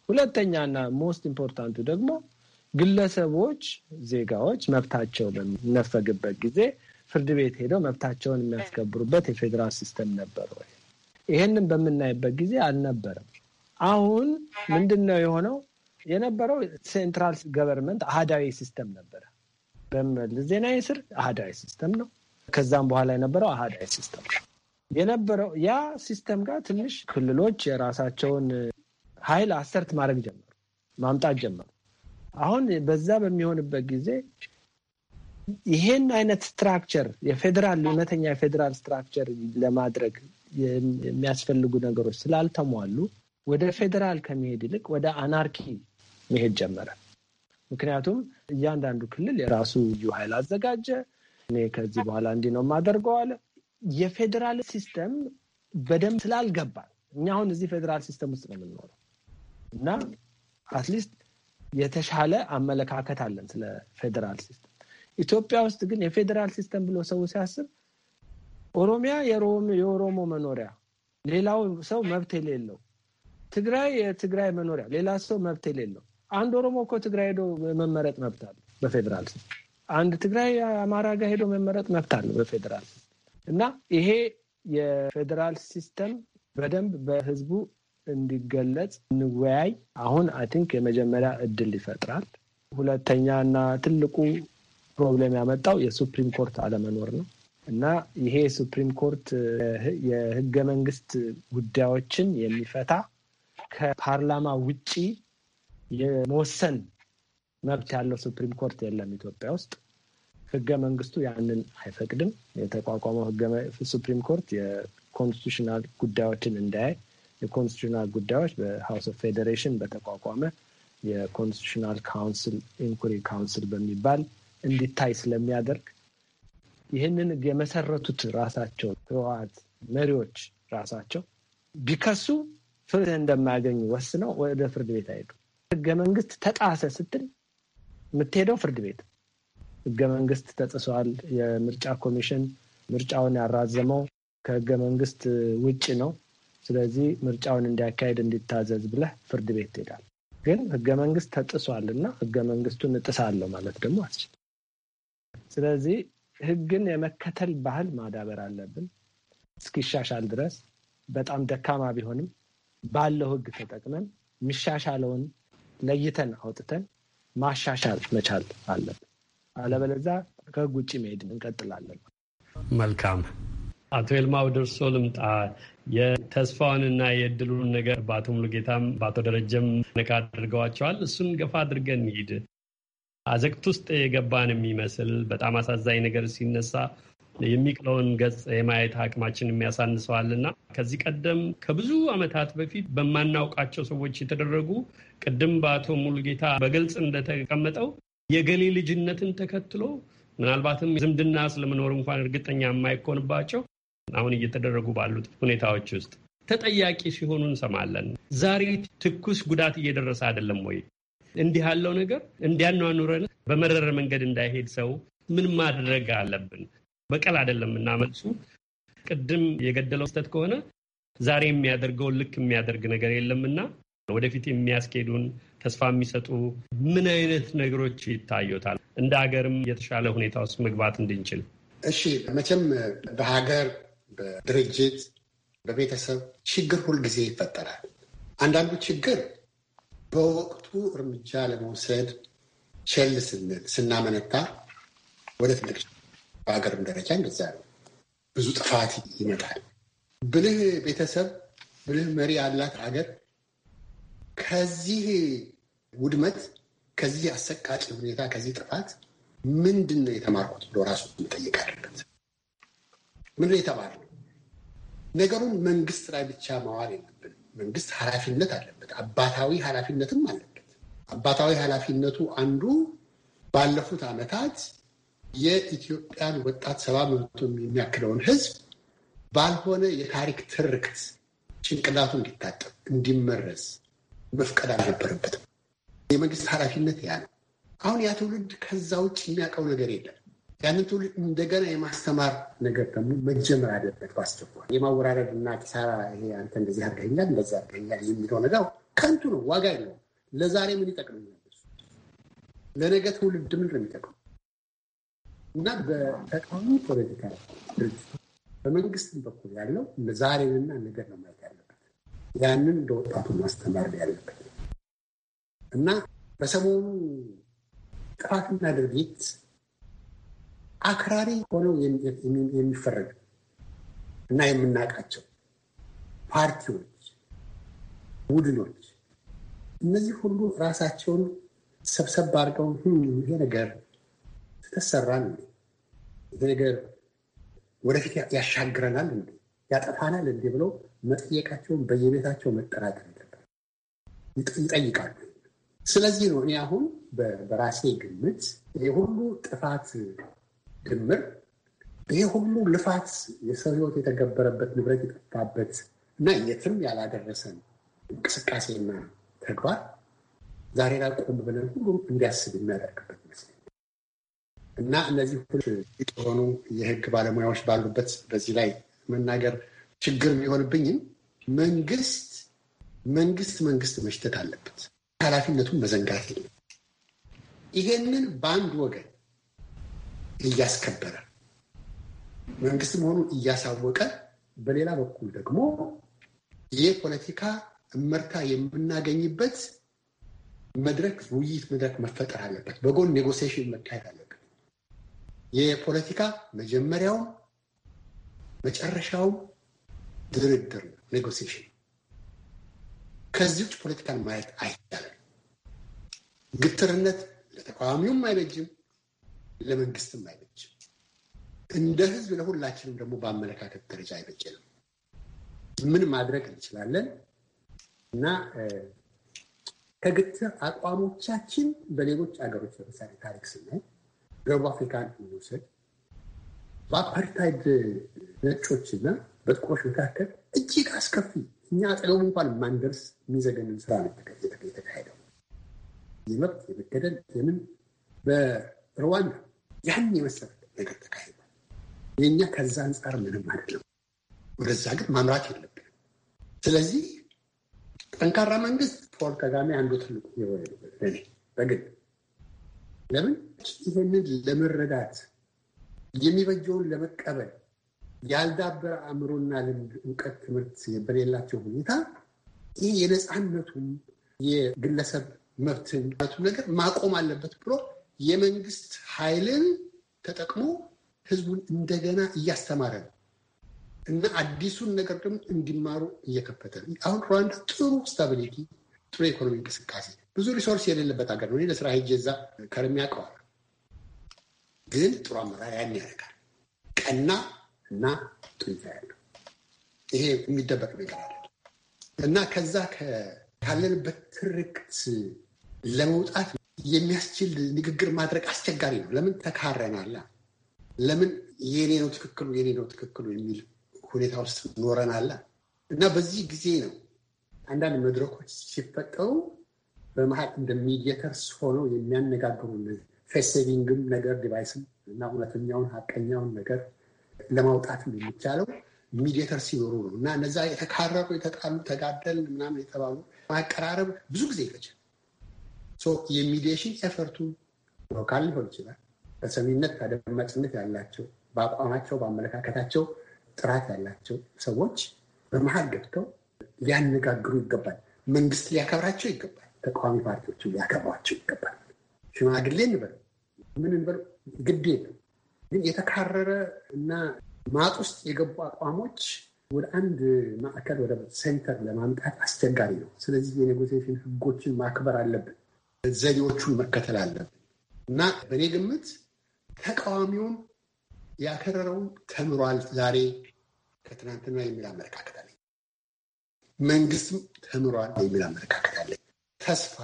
ሁለተኛና ሞስት ኢምፖርታንቱ ደግሞ ግለሰቦች ዜጋዎች መብታቸው በሚነፈግበት ጊዜ ፍርድ ቤት ሄደው መብታቸውን የሚያስከብሩበት የፌዴራል ሲስተም ነበር ወይ? ይህንን በምናይበት ጊዜ አልነበረም። አሁን ምንድን ነው የሆነው? የነበረው ሴንትራል ገቨርንመንት አህዳዊ ሲስተም ነበረ። በመለስ ዜናዊ ስር አህዳዊ ሲስተም ነው። ከዛም በኋላ የነበረው አህዳዊ ሲስተም ነው። የነበረው ያ ሲስተም ጋር ትንሽ ክልሎች የራሳቸውን ኃይል አሰርት ማድረግ ጀመሩ፣ ማምጣት ጀመሩ። አሁን በዛ በሚሆንበት ጊዜ ይሄን አይነት ስትራክቸር የፌዴራል እውነተኛ የፌዴራል ስትራክቸር ለማድረግ የሚያስፈልጉ ነገሮች ስላልተሟሉ ወደ ፌዴራል ከመሄድ ይልቅ ወደ አናርኪ መሄድ ጀመረ። ምክንያቱም እያንዳንዱ ክልል የራሱ ልዩ ኃይል አዘጋጀ። እኔ ከዚህ በኋላ እንዲህ ነው የማደርገው አለ። የፌዴራል ሲስተም በደንብ ስላልገባ እኛ አሁን እዚህ ፌዴራል ሲስተም ውስጥ ነው የምንኖረው እና አትሊስት የተሻለ አመለካከት አለን ስለ ፌዴራል ሲስተም። ኢትዮጵያ ውስጥ ግን የፌዴራል ሲስተም ብሎ ሰው ሲያስብ ኦሮሚያ የኦሮሞ መኖሪያ፣ ሌላው ሰው መብት የሌለው፣ ትግራይ የትግራይ መኖሪያ፣ ሌላ ሰው መብት የሌለው። አንድ ኦሮሞ እኮ ትግራይ ሄዶ መመረጥ መብት አለ በፌዴራል ሲስተም። አንድ ትግራይ አማራ ጋር ሄዶ መመረጥ መብት አለ በፌዴራል ሲስተም። እና ይሄ የፌዴራል ሲስተም በደንብ በህዝቡ እንዲገለጽ እንወያይ። አሁን አይ ቲንክ የመጀመሪያ እድል ይፈጥራል። ሁለተኛ እና ትልቁ ፕሮብለም ያመጣው የሱፕሪም ኮርት አለመኖር ነው እና ይሄ ሱፕሪም ኮርት የህገ መንግስት ጉዳዮችን የሚፈታ ከፓርላማ ውጪ የመወሰን መብት ያለው ሱፕሪም ኮርት የለም ኢትዮጵያ ውስጥ። ህገ መንግስቱ ያንን አይፈቅድም። የተቋቋመው ሱፕሪም ኮርት የኮንስቲቱሽናል ጉዳዮችን እንዳያይ የኮንስቲቱሽናል ጉዳዮች በሀውስ ኦፍ ፌዴሬሽን በተቋቋመ የኮንስቲቱሽናል ካውንስል ኢንኩሪ ካውንስል በሚባል እንዲታይ ስለሚያደርግ ይህንን የመሰረቱት ራሳቸው ህወሓት መሪዎች ራሳቸው ቢከሱ ፍትህ እንደማያገኙ ወስነው ወደ ፍርድ ቤት አይሄዱ። ህገ መንግስት ተጣሰ ስትል የምትሄደው ፍርድ ቤት ህገ መንግስት ተጥሷል፣ የምርጫ ኮሚሽን ምርጫውን ያራዘመው ከህገ መንግስት ውጭ ነው፣ ስለዚህ ምርጫውን እንዲያካሄድ እንዲታዘዝ ብለህ ፍርድ ቤት ትሄዳል። ግን ህገ መንግስት ተጥሷል እና ህገ መንግስቱን እጥሳለሁ ማለት ደግሞ አስችል። ስለዚህ ህግን የመከተል ባህል ማዳበር አለብን። እስኪሻሻል ድረስ በጣም ደካማ ቢሆንም ባለው ህግ ተጠቅመን የሚሻሻለውን ለይተን አውጥተን ማሻሻል መቻል አለብን። አለበለዛ ከህግ ውጭ መሄድ እንቀጥላለን። መልካም አቶ ኤልማው ደርሶ ልምጣ። የተስፋውንና የእድሉን ነገር በአቶ ሙሉጌታም በአቶ ደረጀም ነቃ አድርገዋቸዋል። እሱን ገፋ አድርገን ሂድ አዘቅት ውስጥ የገባን የሚመስል በጣም አሳዛኝ ነገር ሲነሳ የሚቅለውን ገጽ የማየት አቅማችን የሚያሳንሰዋልና ከዚህ ቀደም ከብዙ ዓመታት በፊት በማናውቃቸው ሰዎች የተደረጉ ቅድም በአቶ ሙሉጌታ በግልጽ እንደተቀመጠው የገሌ ልጅነትን ተከትሎ ምናልባትም ዝምድና ስለመኖር እንኳን እርግጠኛ የማይኮንባቸው አሁን እየተደረጉ ባሉት ሁኔታዎች ውስጥ ተጠያቂ ሲሆኑ እንሰማለን። ዛሬ ትኩስ ጉዳት እየደረሰ አይደለም ወይ? እንዲህ ያለው ነገር እንዲያኗኑረን በመረረ መንገድ እንዳይሄድ ሰው ምን ማድረግ አለብን? በቀል አይደለም እናመልሱ። ቅድም የገደለው ስህተት ከሆነ ዛሬ የሚያደርገውን ልክ የሚያደርግ ነገር የለምና ወደፊት የሚያስኬዱን ተስፋ የሚሰጡ ምን አይነት ነገሮች ይታዩታል? እንደ ሀገርም የተሻለ ሁኔታ ውስጥ መግባት እንድንችል። እሺ፣ መቼም በሀገር በድርጅት በቤተሰብ ችግር ሁልጊዜ ይፈጠራል። አንዳንዱ ችግር በወቅቱ እርምጃ ለመውሰድ ቸል ስንል ስናመነታ ወደ ትልቅ በሀገርም ደረጃ እንደዛ ነው። ብዙ ጥፋት ይመጣል። ብልህ ቤተሰብ፣ ብልህ መሪ ያላት ሀገር ከዚህ ውድመት ከዚህ አሰቃቂ ሁኔታ ከዚህ ጥፋት ምንድን ነው የተማርኩት ብሎ ራሱ መጠየቅ አለበት። ምንድን የተማርነው? ነገሩን መንግስት ላይ ብቻ ማዋል የለብን። መንግስት ኃላፊነት አለበት፣ አባታዊ ኃላፊነትም አለበት። አባታዊ ኃላፊነቱ አንዱ ባለፉት ዓመታት የኢትዮጵያን ወጣት ሰባ መቶ የሚያክለውን ህዝብ ባልሆነ የታሪክ ትርክት ጭንቅላቱ እንዲታጠብ እንዲመረዝ መፍቀድ አልነበረበትም። የመንግስት ኃላፊነት ያ ነው። አሁን ያ ትውልድ ከዛ ውጭ የሚያውቀው ነገር የለም። ያንን ትውልድ እንደገና የማስተማር ነገር ደግሞ መጀመር አለበት። ባስቸኳል የማወራረድ እና ኪሳራ ይሄ አንተ እንደዚህ አድርገኛል እንደዛ አድርገኛል የሚለው ነገር ከንቱ ነው፣ ዋጋ የለውም። ለዛሬ ምን ይጠቅመኛል? ለነገ ትውልድ ምን ነው የሚጠቅመው? እና በተቃዋሚ ፖለቲካ ድርጅት በመንግስትም በኩል ያለው ዛሬንና ነገር ነው ማየት ያለበት። ያንን እንደ ወጣቱ ማስተማር ያለበት እና በሰሞኑ ጥፋትና ድርጊት አክራሪ ሆነው የሚፈረግ እና የምናውቃቸው ፓርቲዎች፣ ቡድኖች እነዚህ ሁሉ ራሳቸውን ሰብሰብ አድርገው ይሄ ነገር ተሰራን፣ ይሄ ነገር ወደፊት ያሻግረናል እንዴ ያጠፋናል እንዴ ብለው መጠየቃቸውን በየቤታቸው መጠራጠር ይጠይቃሉ። ስለዚህ ነው እኔ አሁን በራሴ ግምት የሁሉ ሁሉ ጥፋት ድምር ይህ ሁሉ ልፋት የሰው ህይወት የተገበረበት ንብረት የጠፋበት እና የትም ያላደረሰን እንቅስቃሴና ተግባር ዛሬ ላይ ቆም ብለን ሁሉም እንዲያስብ የሚያደርግበት ይመስለኛል እና እነዚህ ሁሉ የሆኑ የህግ ባለሙያዎች ባሉበት በዚህ ላይ መናገር ችግር ቢሆንብኝም መንግስት መንግስት መንግስት መሽተት አለበት። ኃላፊነቱን መዘንጋት የለም። ይሄንን በአንድ ወገን እያስከበረ መንግስት መሆኑን እያሳወቀ፣ በሌላ በኩል ደግሞ የፖለቲካ እመርታ የምናገኝበት መድረክ ውይይት መድረክ መፈጠር አለበት። በጎን ኔጎሲዬሽን መካሄድ አለበት። የፖለቲካ መጀመሪያውም መጨረሻውም ድርድር ነው፣ ኔጎሲዬሽን። ከዚህ ውጭ ፖለቲካን ማየት አይቻልም። ግትርነት ለተቃዋሚውም አይበጅም፣ ለመንግስትም አይበጅም። እንደ ህዝብ ለሁላችንም ደግሞ በአመለካከት ደረጃ አይበጅም። ምን ማድረግ እንችላለን እና ከግትር አቋሞቻችን በሌሎች ሀገሮች ለምሳሌ ታሪክ ስናይ ደቡብ አፍሪካን እንውሰድ። በአፓርታይድ ነጮችና በጥቁሮች መካከል እጅግ አስከፊ እኛ አጠገቡ እንኳን ማንደርስ የሚዘገንን ስራ ነው የመብት የመገደል የምን በሩዋንዳ ያን የመሰለ ነገር ተካሂዷል። የእኛ ከዛ አንጻር ምንም አይደለም። ወደዛ ግን ማምራት የለብን። ስለዚህ ጠንካራ መንግስት ፖል ከጋሜ አንዱ ትልቁ በግል ለምን ይህንን ለመረዳት የሚበጀውን ለመቀበል ያልዳበረ አእምሮና ልምድ፣ እውቀት፣ ትምህርት በሌላቸው ሁኔታ ይህ የነፃነቱም የግለሰብ መብትን ነገር ማቆም አለበት ብሎ የመንግስት ኃይልን ተጠቅሞ ህዝቡን እንደገና እያስተማረ ነው እና አዲሱን ነገር ደግሞ እንዲማሩ እየከፈተ ነው። አሁን ሩዋንዳ ጥሩ ስታቢሊቲ፣ ጥሩ የኢኮኖሚ እንቅስቃሴ፣ ብዙ ሪሶርስ የሌለበት ሀገር ነው። ለስራ ሄጄ እዛ ከርሜ አውቀዋለሁ። ግን ጥሩ አመራር ያን ያደርጋል። ቀና እና ጥንዛ ያለው ይሄ የሚደበቅ ነገር አለ እና ከዛ ካለንበት ትርክት ለመውጣት የሚያስችል ንግግር ማድረግ አስቸጋሪ ነው። ለምን ተካረናላ? ለምን የኔ ነው ትክክሉ የኔ ነው ትክክሉ የሚል ሁኔታ ውስጥ ኖረናላ እና በዚህ ጊዜ ነው አንዳንድ መድረኮች ሲፈጠሩ በመሀል እንደ ሚዲየተርስ ሆነው የሚያነጋግሩ ፌሴቪንግም ነገር ዲቫይስም እና እውነተኛውን ሀቀኛውን ነገር ለማውጣትም የሚቻለው ሚዲየተር ሲኖሩ ነው እና እነዛ የተካረሩ የተጣሉ ተጋደል ምናምን የተባሉ ማቀራረብ ብዙ ጊዜ ይፈጃል። የሚዲሽን ኤፈርቱ ሎካል ሊሆን ይችላል። በሰሚነት ተደማጭነት ያላቸው በአቋማቸው በአመለካከታቸው ጥራት ያላቸው ሰዎች በመሀል ገብተው ሊያነጋግሩ ይገባል። መንግስት ሊያከብራቸው ይገባል። ተቃዋሚ ፓርቲዎች ሊያከብሯቸው ይገባል። ሽማግሌ እንበለው ምን እንበለው ግድ የለም ግን የተካረረ እና ማጥ ውስጥ የገቡ አቋሞች ወደ አንድ ማዕከል ወደ ሴንተር ለማምጣት አስቸጋሪ ነው። ስለዚህ የኔጎሲዬሽን ህጎችን ማክበር አለብን። ዘዴዎቹን መከተል አለብን እና በእኔ ግምት ተቃዋሚውን ያከረረውን ተምሯል ዛሬ ከትናንትና የሚል አመለካከት አለኝ። መንግስትም ተምሯል የሚል አመለካከት አለኝ። ተስፋ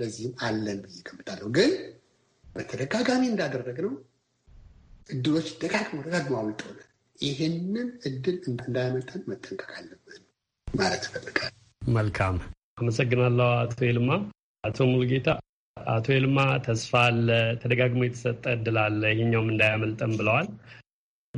ለዚህም አለን ብዬ ገምታለሁ ግን በተደጋጋሚ እንዳደረግነው እድሎች ደጋግመው ደጋግመው አውልጠውናል። ይህንን እድል እንዳያመልጠን መጠንቀቅ አለብን ማለት እፈልጋለሁ። መልካም አመሰግናለሁ አቶ ይልማ። አቶ ሙሉጌታ አቶ ይልማ ተስፋ አለ፣ ተደጋግሞ የተሰጠ እድል አለ፣ ይህኛውም እንዳያመልጠም ብለዋል።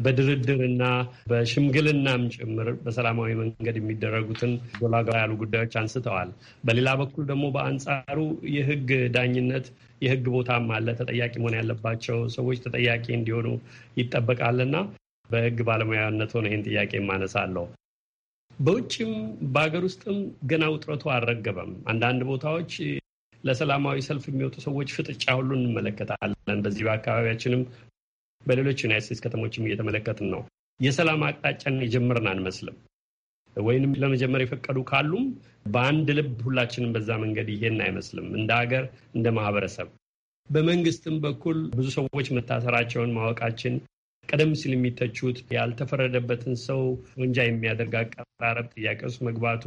በድርድርና በሽምግልናም ጭምር በሰላማዊ መንገድ የሚደረጉትን ጎላጋ ያሉ ጉዳዮች አንስተዋል። በሌላ በኩል ደግሞ በአንጻሩ የህግ ዳኝነት የህግ ቦታም አለ። ተጠያቂ መሆን ያለባቸው ሰዎች ተጠያቂ እንዲሆኑ ይጠበቃልና በህግ ባለሙያነት ሆነ ይህን ጥያቄ ማነሳለሁ። በውጭም በሀገር ውስጥም ገና ውጥረቱ አልረገበም። አንዳንድ ቦታዎች ለሰላማዊ ሰልፍ የሚወጡ ሰዎች ፍጥጫ ሁሉ እንመለከታለን። በዚህ በአካባቢያችንም በሌሎች ዩናይት ስቴትስ ከተሞችም እየተመለከትን ነው። የሰላም አቅጣጫን የጀመርን አንመስልም፣ ወይንም ለመጀመር የፈቀዱ ካሉም በአንድ ልብ ሁላችንም በዛ መንገድ ይሄን አይመስልም። እንደ ሀገር፣ እንደ ማህበረሰብ በመንግስትም በኩል ብዙ ሰዎች መታሰራቸውን ማወቃችን ቀደም ሲል የሚተቹት ያልተፈረደበትን ሰው ወንጃ የሚያደርግ አቀራረብ ጥያቄ ውስጥ መግባቱ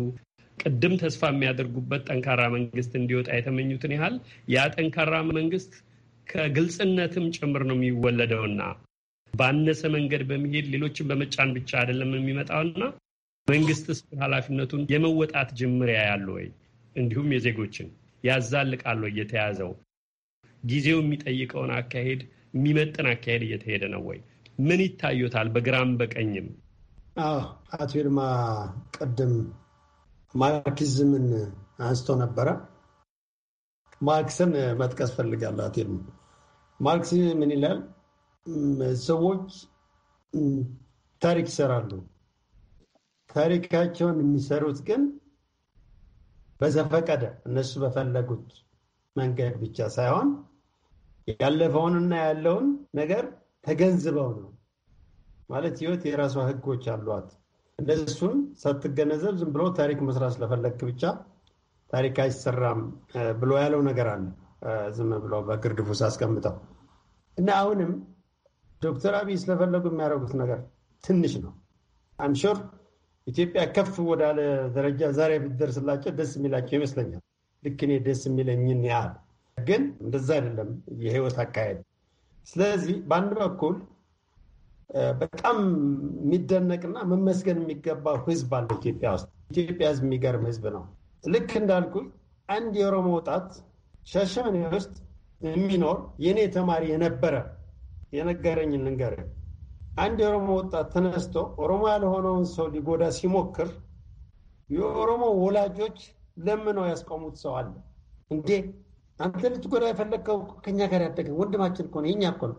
ቅድም ተስፋ የሚያደርጉበት ጠንካራ መንግስት እንዲወጣ የተመኙትን ያህል ያ ጠንካራ መንግስት ከግልጽነትም ጭምር ነው የሚወለደውና ባነሰ መንገድ በመሄድ ሌሎችን በመጫን ብቻ አይደለም የሚመጣውና መንግስትስ ኃላፊነቱን የመወጣት ጅምሪያ ያለ ወይ እንዲሁም የዜጎችን ያዛልቃሉ እየተያዘው ጊዜው የሚጠይቀውን አካሄድ የሚመጥን አካሄድ እየተሄደ ነው ወይ? ምን ይታዩታል? በግራም በቀኝም። አቶ ይልማ ቅድም ማርክሲዝምን አንስቶ ነበረ። ማርክስን መጥቀስ ፈልጋለሁ። አቴር ማርክስ ምን ይላል? ሰዎች ታሪክ ይሰራሉ። ታሪካቸውን የሚሰሩት ግን በዘፈቀደ እነሱ በፈለጉት መንገድ ብቻ ሳይሆን ያለፈውንና ያለውን ነገር ተገንዝበው ነው። ማለት ህይወት የራሷ ህጎች አሏት። እነሱን ሳትገነዘብ ዝም ብሎ ታሪክ መስራት ስለፈለግክ ብቻ ታሪክ አይሰራም ብሎ ያለው ነገር አለ። ዝም ብሎ በግርድፉ ሳስቀምጠው እና አሁንም ዶክተር አብይ ስለፈለጉ የሚያደርጉት ነገር ትንሽ ነው። አንሾር ኢትዮጵያ ከፍ ወዳለ ደረጃ ዛሬ ብትደርስላቸው ደስ የሚላቸው ይመስለኛል። ልክ እኔ ደስ የሚለኝን ያህል ግን እንደዛ አይደለም የህይወት አካሄድ። ስለዚህ በአንድ በኩል በጣም የሚደነቅና መመስገን የሚገባው ህዝብ አለ ኢትዮጵያ ውስጥ። ኢትዮጵያ ህዝብ የሚገርም ህዝብ ነው። ልክ እንዳልኩ አንድ የኦሮሞ ወጣት ሻሸመኔ ውስጥ የሚኖር የእኔ ተማሪ የነበረ የነገረኝ ልንገርህ። አንድ የኦሮሞ ወጣት ተነስቶ ኦሮሞ ያልሆነውን ሰው ሊጎዳ ሲሞክር የኦሮሞ ወላጆች ለምነው ያስቆሙት ሰው አለ። እንዴ አንተ ልትጎዳ የፈለግከው ከኛ ጋር ያደገ ወንድማችን እኮ ነው የኛ እኮ ነው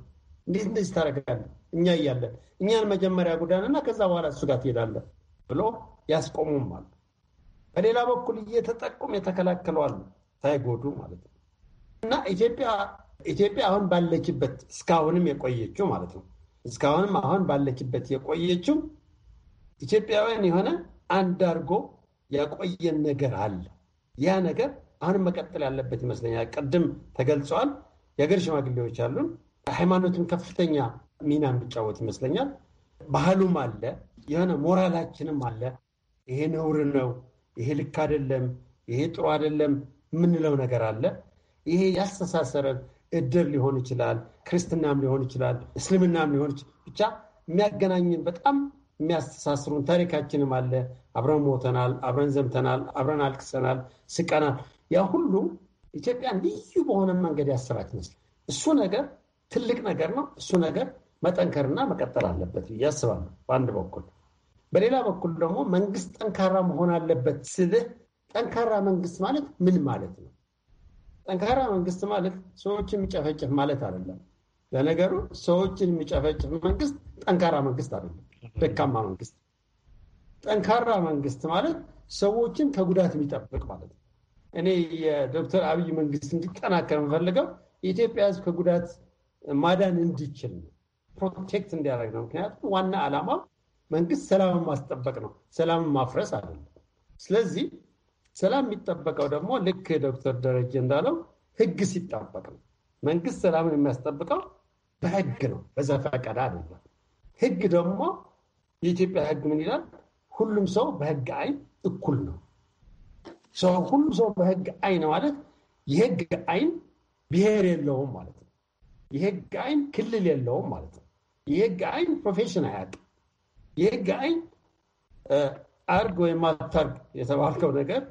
እንዴት እንደዚህ ታደርጋለህ? እኛ እያለን እኛን መጀመሪያ ጎዳንና ከዛ በኋላ እሱ ጋር ትሄዳለህ ብሎ ያስቆሙም አሉ። በሌላ በኩል እየተጠቁም የተከላከሉ አሉ፣ ሳይጎዱ ማለት ነው። እና ኢትዮጵያ ኢትዮጵያ አሁን ባለችበት እስካሁንም የቆየችው ማለት ነው እስካሁንም አሁን ባለችበት የቆየችው ኢትዮጵያውያን የሆነ አንድ አድርጎ ያቆየን ነገር አለ። ያ ነገር አሁንም መቀጠል ያለበት ይመስለኛል። ቅድም ተገልጸዋል። የሀገር ሽማግሌዎች አሉን፣ ሃይማኖትም ከፍተኛ ሚና የሚጫወት ይመስለኛል። ባህሉም አለ፣ የሆነ ሞራላችንም አለ። ይሄ ነውር ነው፣ ይሄ ልክ አይደለም፣ ይሄ ጥሩ አይደለም የምንለው ነገር አለ። ይሄ ያስተሳሰረን እድር ሊሆን ይችላል፣ ክርስትናም ሊሆን ይችላል፣ እስልምናም ሊሆን ብቻ የሚያገናኝን በጣም የሚያስተሳስሩን ታሪካችንም አለ። አብረን ሞተናል፣ አብረን ዘምተናል፣ አብረን አልቅሰናል፣ ስቀናል። ያ ሁሉ ኢትዮጵያን ልዩ በሆነ መንገድ ያሰራት ይመስላል። እሱ ነገር ትልቅ ነገር ነው። እሱ ነገር መጠንከርና መቀጠል አለበት ብዬ አስባለሁ በአንድ በኩል። በሌላ በኩል ደግሞ መንግስት ጠንካራ መሆን አለበት ስልህ ጠንካራ መንግስት ማለት ምን ማለት ነው? ጠንካራ መንግስት ማለት ሰዎችን የሚጨፈጭፍ ማለት አይደለም። ለነገሩ ሰዎችን የሚጨፈጭፍ መንግስት ጠንካራ መንግስት አይደለም፣ ደካማ መንግስት። ጠንካራ መንግስት ማለት ሰዎችን ከጉዳት የሚጠብቅ ማለት ነው። እኔ የዶክተር አብይ መንግስት እንዲጠናከር የምፈልገው የኢትዮጵያ ህዝብ ከጉዳት ማዳን እንዲችል ነው፣ ፕሮቴክት እንዲያደርግ ነው። ምክንያቱም ዋና ዓላማ መንግስት ሰላምን ማስጠበቅ ነው፣ ሰላምን ማፍረስ አይደለም። ስለዚህ ሰላም የሚጠበቀው ደግሞ ልክ ዶክተር ደረጀ እንዳለው ህግ ሲጠበቅ ነው። መንግስት ሰላምን የሚያስጠብቀው በህግ ነው፣ በዘፈቀደ አይደለም። ህግ ደግሞ የኢትዮጵያ ህግ ምን ይላል? ሁሉም ሰው በህግ አይን እኩል ነው። ሁሉም ሰው በህግ አይን ማለት የህግ አይን ብሔር የለውም ማለት ነው። የህግ አይን ክልል የለውም ማለት ነው። የህግ አይን ፕሮፌሽን አያውቅም። የህግ አይን አርግ ወይም አታርግ የተባልከው ነገር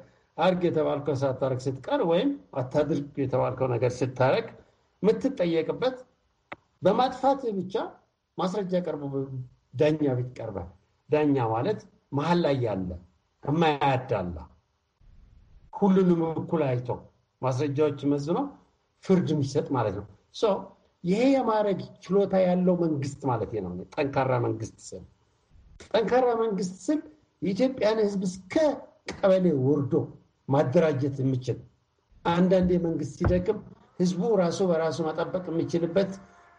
አርግ የተባልከው ሳታርግ ስትቀር ወይም አታድርግ የተባልከው ነገር ስታረግ የምትጠየቅበት በማጥፋት ብቻ ማስረጃ ቀርቦ ዳኛ ፊት ቀርበ ዳኛ ማለት መሀል ላይ ያለ የማያዳላ ሁሉንም እኩል አይቶ ማስረጃዎች መዝኖ ፍርድ የሚሰጥ ማለት ነው። ይሄ የማድረግ ችሎታ ያለው መንግስት ማለት ነው። ጠንካራ መንግስት ስል ጠንካራ መንግስት ስል የኢትዮጵያን ህዝብ እስከ ቀበሌ ወርዶ ማደራጀት የሚችል አንዳንድ መንግስት ሲደክም ህዝቡ ራሱ በራሱ መጠበቅ የሚችልበት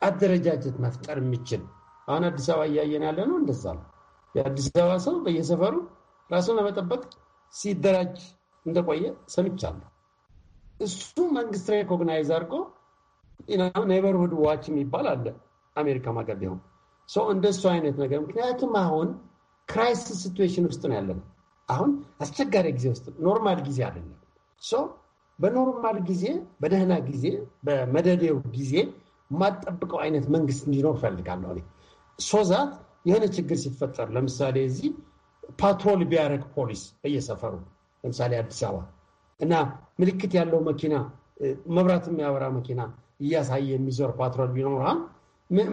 አደረጃጀት መፍጠር የሚችል አሁን አዲስ አበባ እያየን ያለ ነው። እንደዛ ነው። የአዲስ አበባ ሰው በየሰፈሩ ራሱን ለመጠበቅ ሲደራጅ እንደቆየ ሰምቻለሁ። እሱ መንግስት ሬኮግናይዝ አድርጎ ኔበርሁድ ዋች የሚባል አለ አሜሪካ ማገር ቢሆን ሰው እንደሱ አይነት ነገር ምክንያቱም አሁን ክራይሲስ ሲትዌሽን ውስጥ ነው ያለነው። አሁን አስቸጋሪ ጊዜ ውስጥ ኖርማል ጊዜ አይደለም። በኖርማል ጊዜ በደህና ጊዜ በመደደው ጊዜ የማጠብቀው አይነት መንግስት እንዲኖር ፈልጋለሁ። ሶዛት የሆነ ችግር ሲፈጠር ለምሳሌ እዚህ ፓትሮል ቢያደርግ ፖሊስ እየሰፈሩ ለምሳሌ አዲስ አበባ እና ምልክት ያለው መኪና መብራት የሚያበራ መኪና እያሳየ የሚዞር ፓትሮል ቢኖርሃል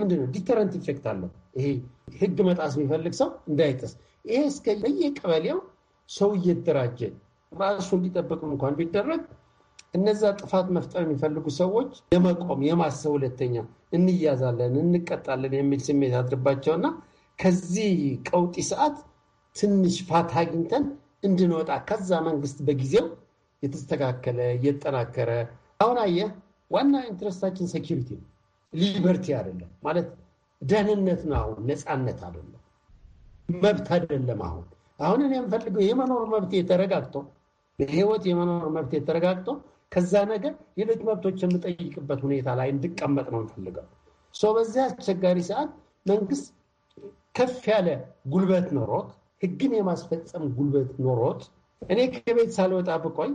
ነው ዲተረንት ኢፌክት አለው። ይሄ ህግ መጣስ የሚፈልግ ሰው እንዳይጥስ ይሄ እስከ በየቀበሌው ሰው እየተደራጀ ራሱ እንዲጠብቅ እንኳን ቢደረግ እነዛ ጥፋት መፍጠር የሚፈልጉ ሰዎች የመቆም የማሰብ ሁለተኛ እንያዛለን፣ እንቀጣለን የሚል ስሜት አድርባቸውና ከዚህ ቀውጢ ሰዓት ትንሽ ፋታ አግኝተን እንድንወጣ ከዛ መንግስት በጊዜው የተስተካከለ እየተጠናከረ አሁን አየህ ዋና ኢንትረስታችን ሴኪሪቲ ነው፣ ሊበርቲ አይደለም። ማለት ደህንነት ነው። አሁን ነፃነት አይደለም፣ መብት አይደለም። አሁን አሁን እኔ የምፈልገው የመኖር መብት የተረጋግጦ የህይወት የመኖር መብት የተረጋግጦ ከዛ ነገር ሌሎች መብቶች የምጠይቅበት ሁኔታ ላይ እንድቀመጥ ነው እንፈልገው። በዚያ አስቸጋሪ ሰዓት መንግስት ከፍ ያለ ጉልበት ኖሮት ህግን የማስፈጸም ጉልበት ኖሮት እኔ ከቤት ሳልወጣ ብቆይ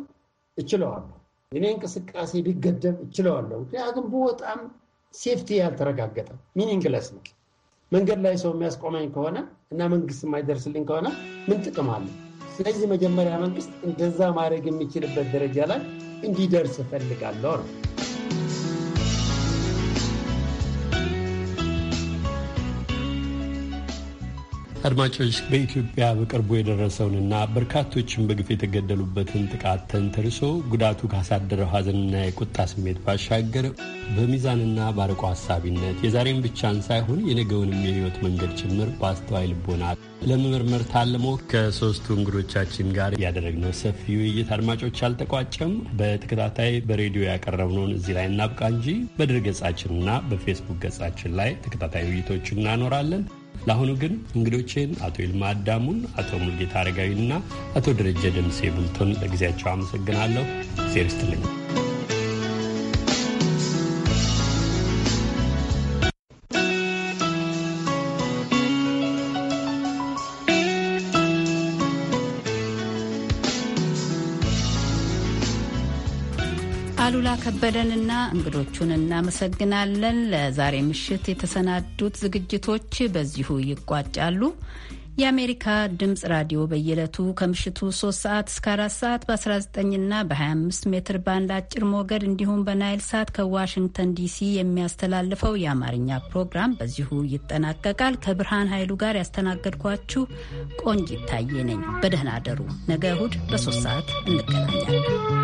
እችለዋለሁ። የኔ እንቅስቃሴ ሊገደብ እችለዋለሁ። ምክንያቱም በጣም ሴፍቲ ያልተረጋገጠ ሚኒንግለስ ነው። መንገድ ላይ ሰው የሚያስቆመኝ ከሆነ እና መንግስት የማይደርስልኝ ከሆነ ምን ጥቅም አለ? ስለዚህ መጀመሪያ መንግስት እንደዛ ማድረግ የሚችልበት ደረጃ ላይ እንዲደርስ እፈልጋለሁ ነው አድማጮች በኢትዮጵያ በቅርቡ የደረሰውንና በርካቶችን በግፍ የተገደሉበትን ጥቃት ተንተርሶ ጉዳቱ ካሳደረው ሀዘንና የቁጣ ስሜት ባሻገር በሚዛንና ባርቆ ሀሳቢነት የዛሬን ብቻን ሳይሆን የነገውንም የህይወት መንገድ ጭምር በአስተዋይ ልቦና ለመመርመር ታልሞ ከሶስቱ እንግዶቻችን ጋር ያደረግነው ሰፊ ውይይት አድማጮች አልተቋጨም። በተከታታይ በሬዲዮ ያቀረብነውን እዚህ ላይ እናብቃ እንጂ በድረ ገጻችንና በፌስቡክ ገጻችን ላይ ተከታታይ ውይይቶች እናኖራለን። ለአሁኑ ግን እንግዶቼን አቶ ይልማ አዳሙን፣ አቶ ሙልጌታ አረጋዊና አቶ ደረጀ ደምሴ ቡልቶን ለጊዜያቸው አመሰግናለሁ። ዜር ይስጥልኝ። ከበደንና እንግዶቹን እናመሰግናለን። ለዛሬ ምሽት የተሰናዱት ዝግጅቶች በዚሁ ይቋጫሉ። የአሜሪካ ድምፅ ራዲዮ በየዕለቱ ከምሽቱ 3 ሰዓት እስከ 4 ሰዓት በ19ና በ25 ሜትር ባንድ አጭር ሞገድ እንዲሁም በናይል ሳት ከዋሽንግተን ዲሲ የሚያስተላልፈው የአማርኛ ፕሮግራም በዚሁ ይጠናቀቃል። ከብርሃን ኃይሉ ጋር ያስተናገድኳችሁ ቆንጅ ይታየ ነኝ። በደህና አደሩ። ነገ እሁድ በ3 ሰዓት እንገናኛለን።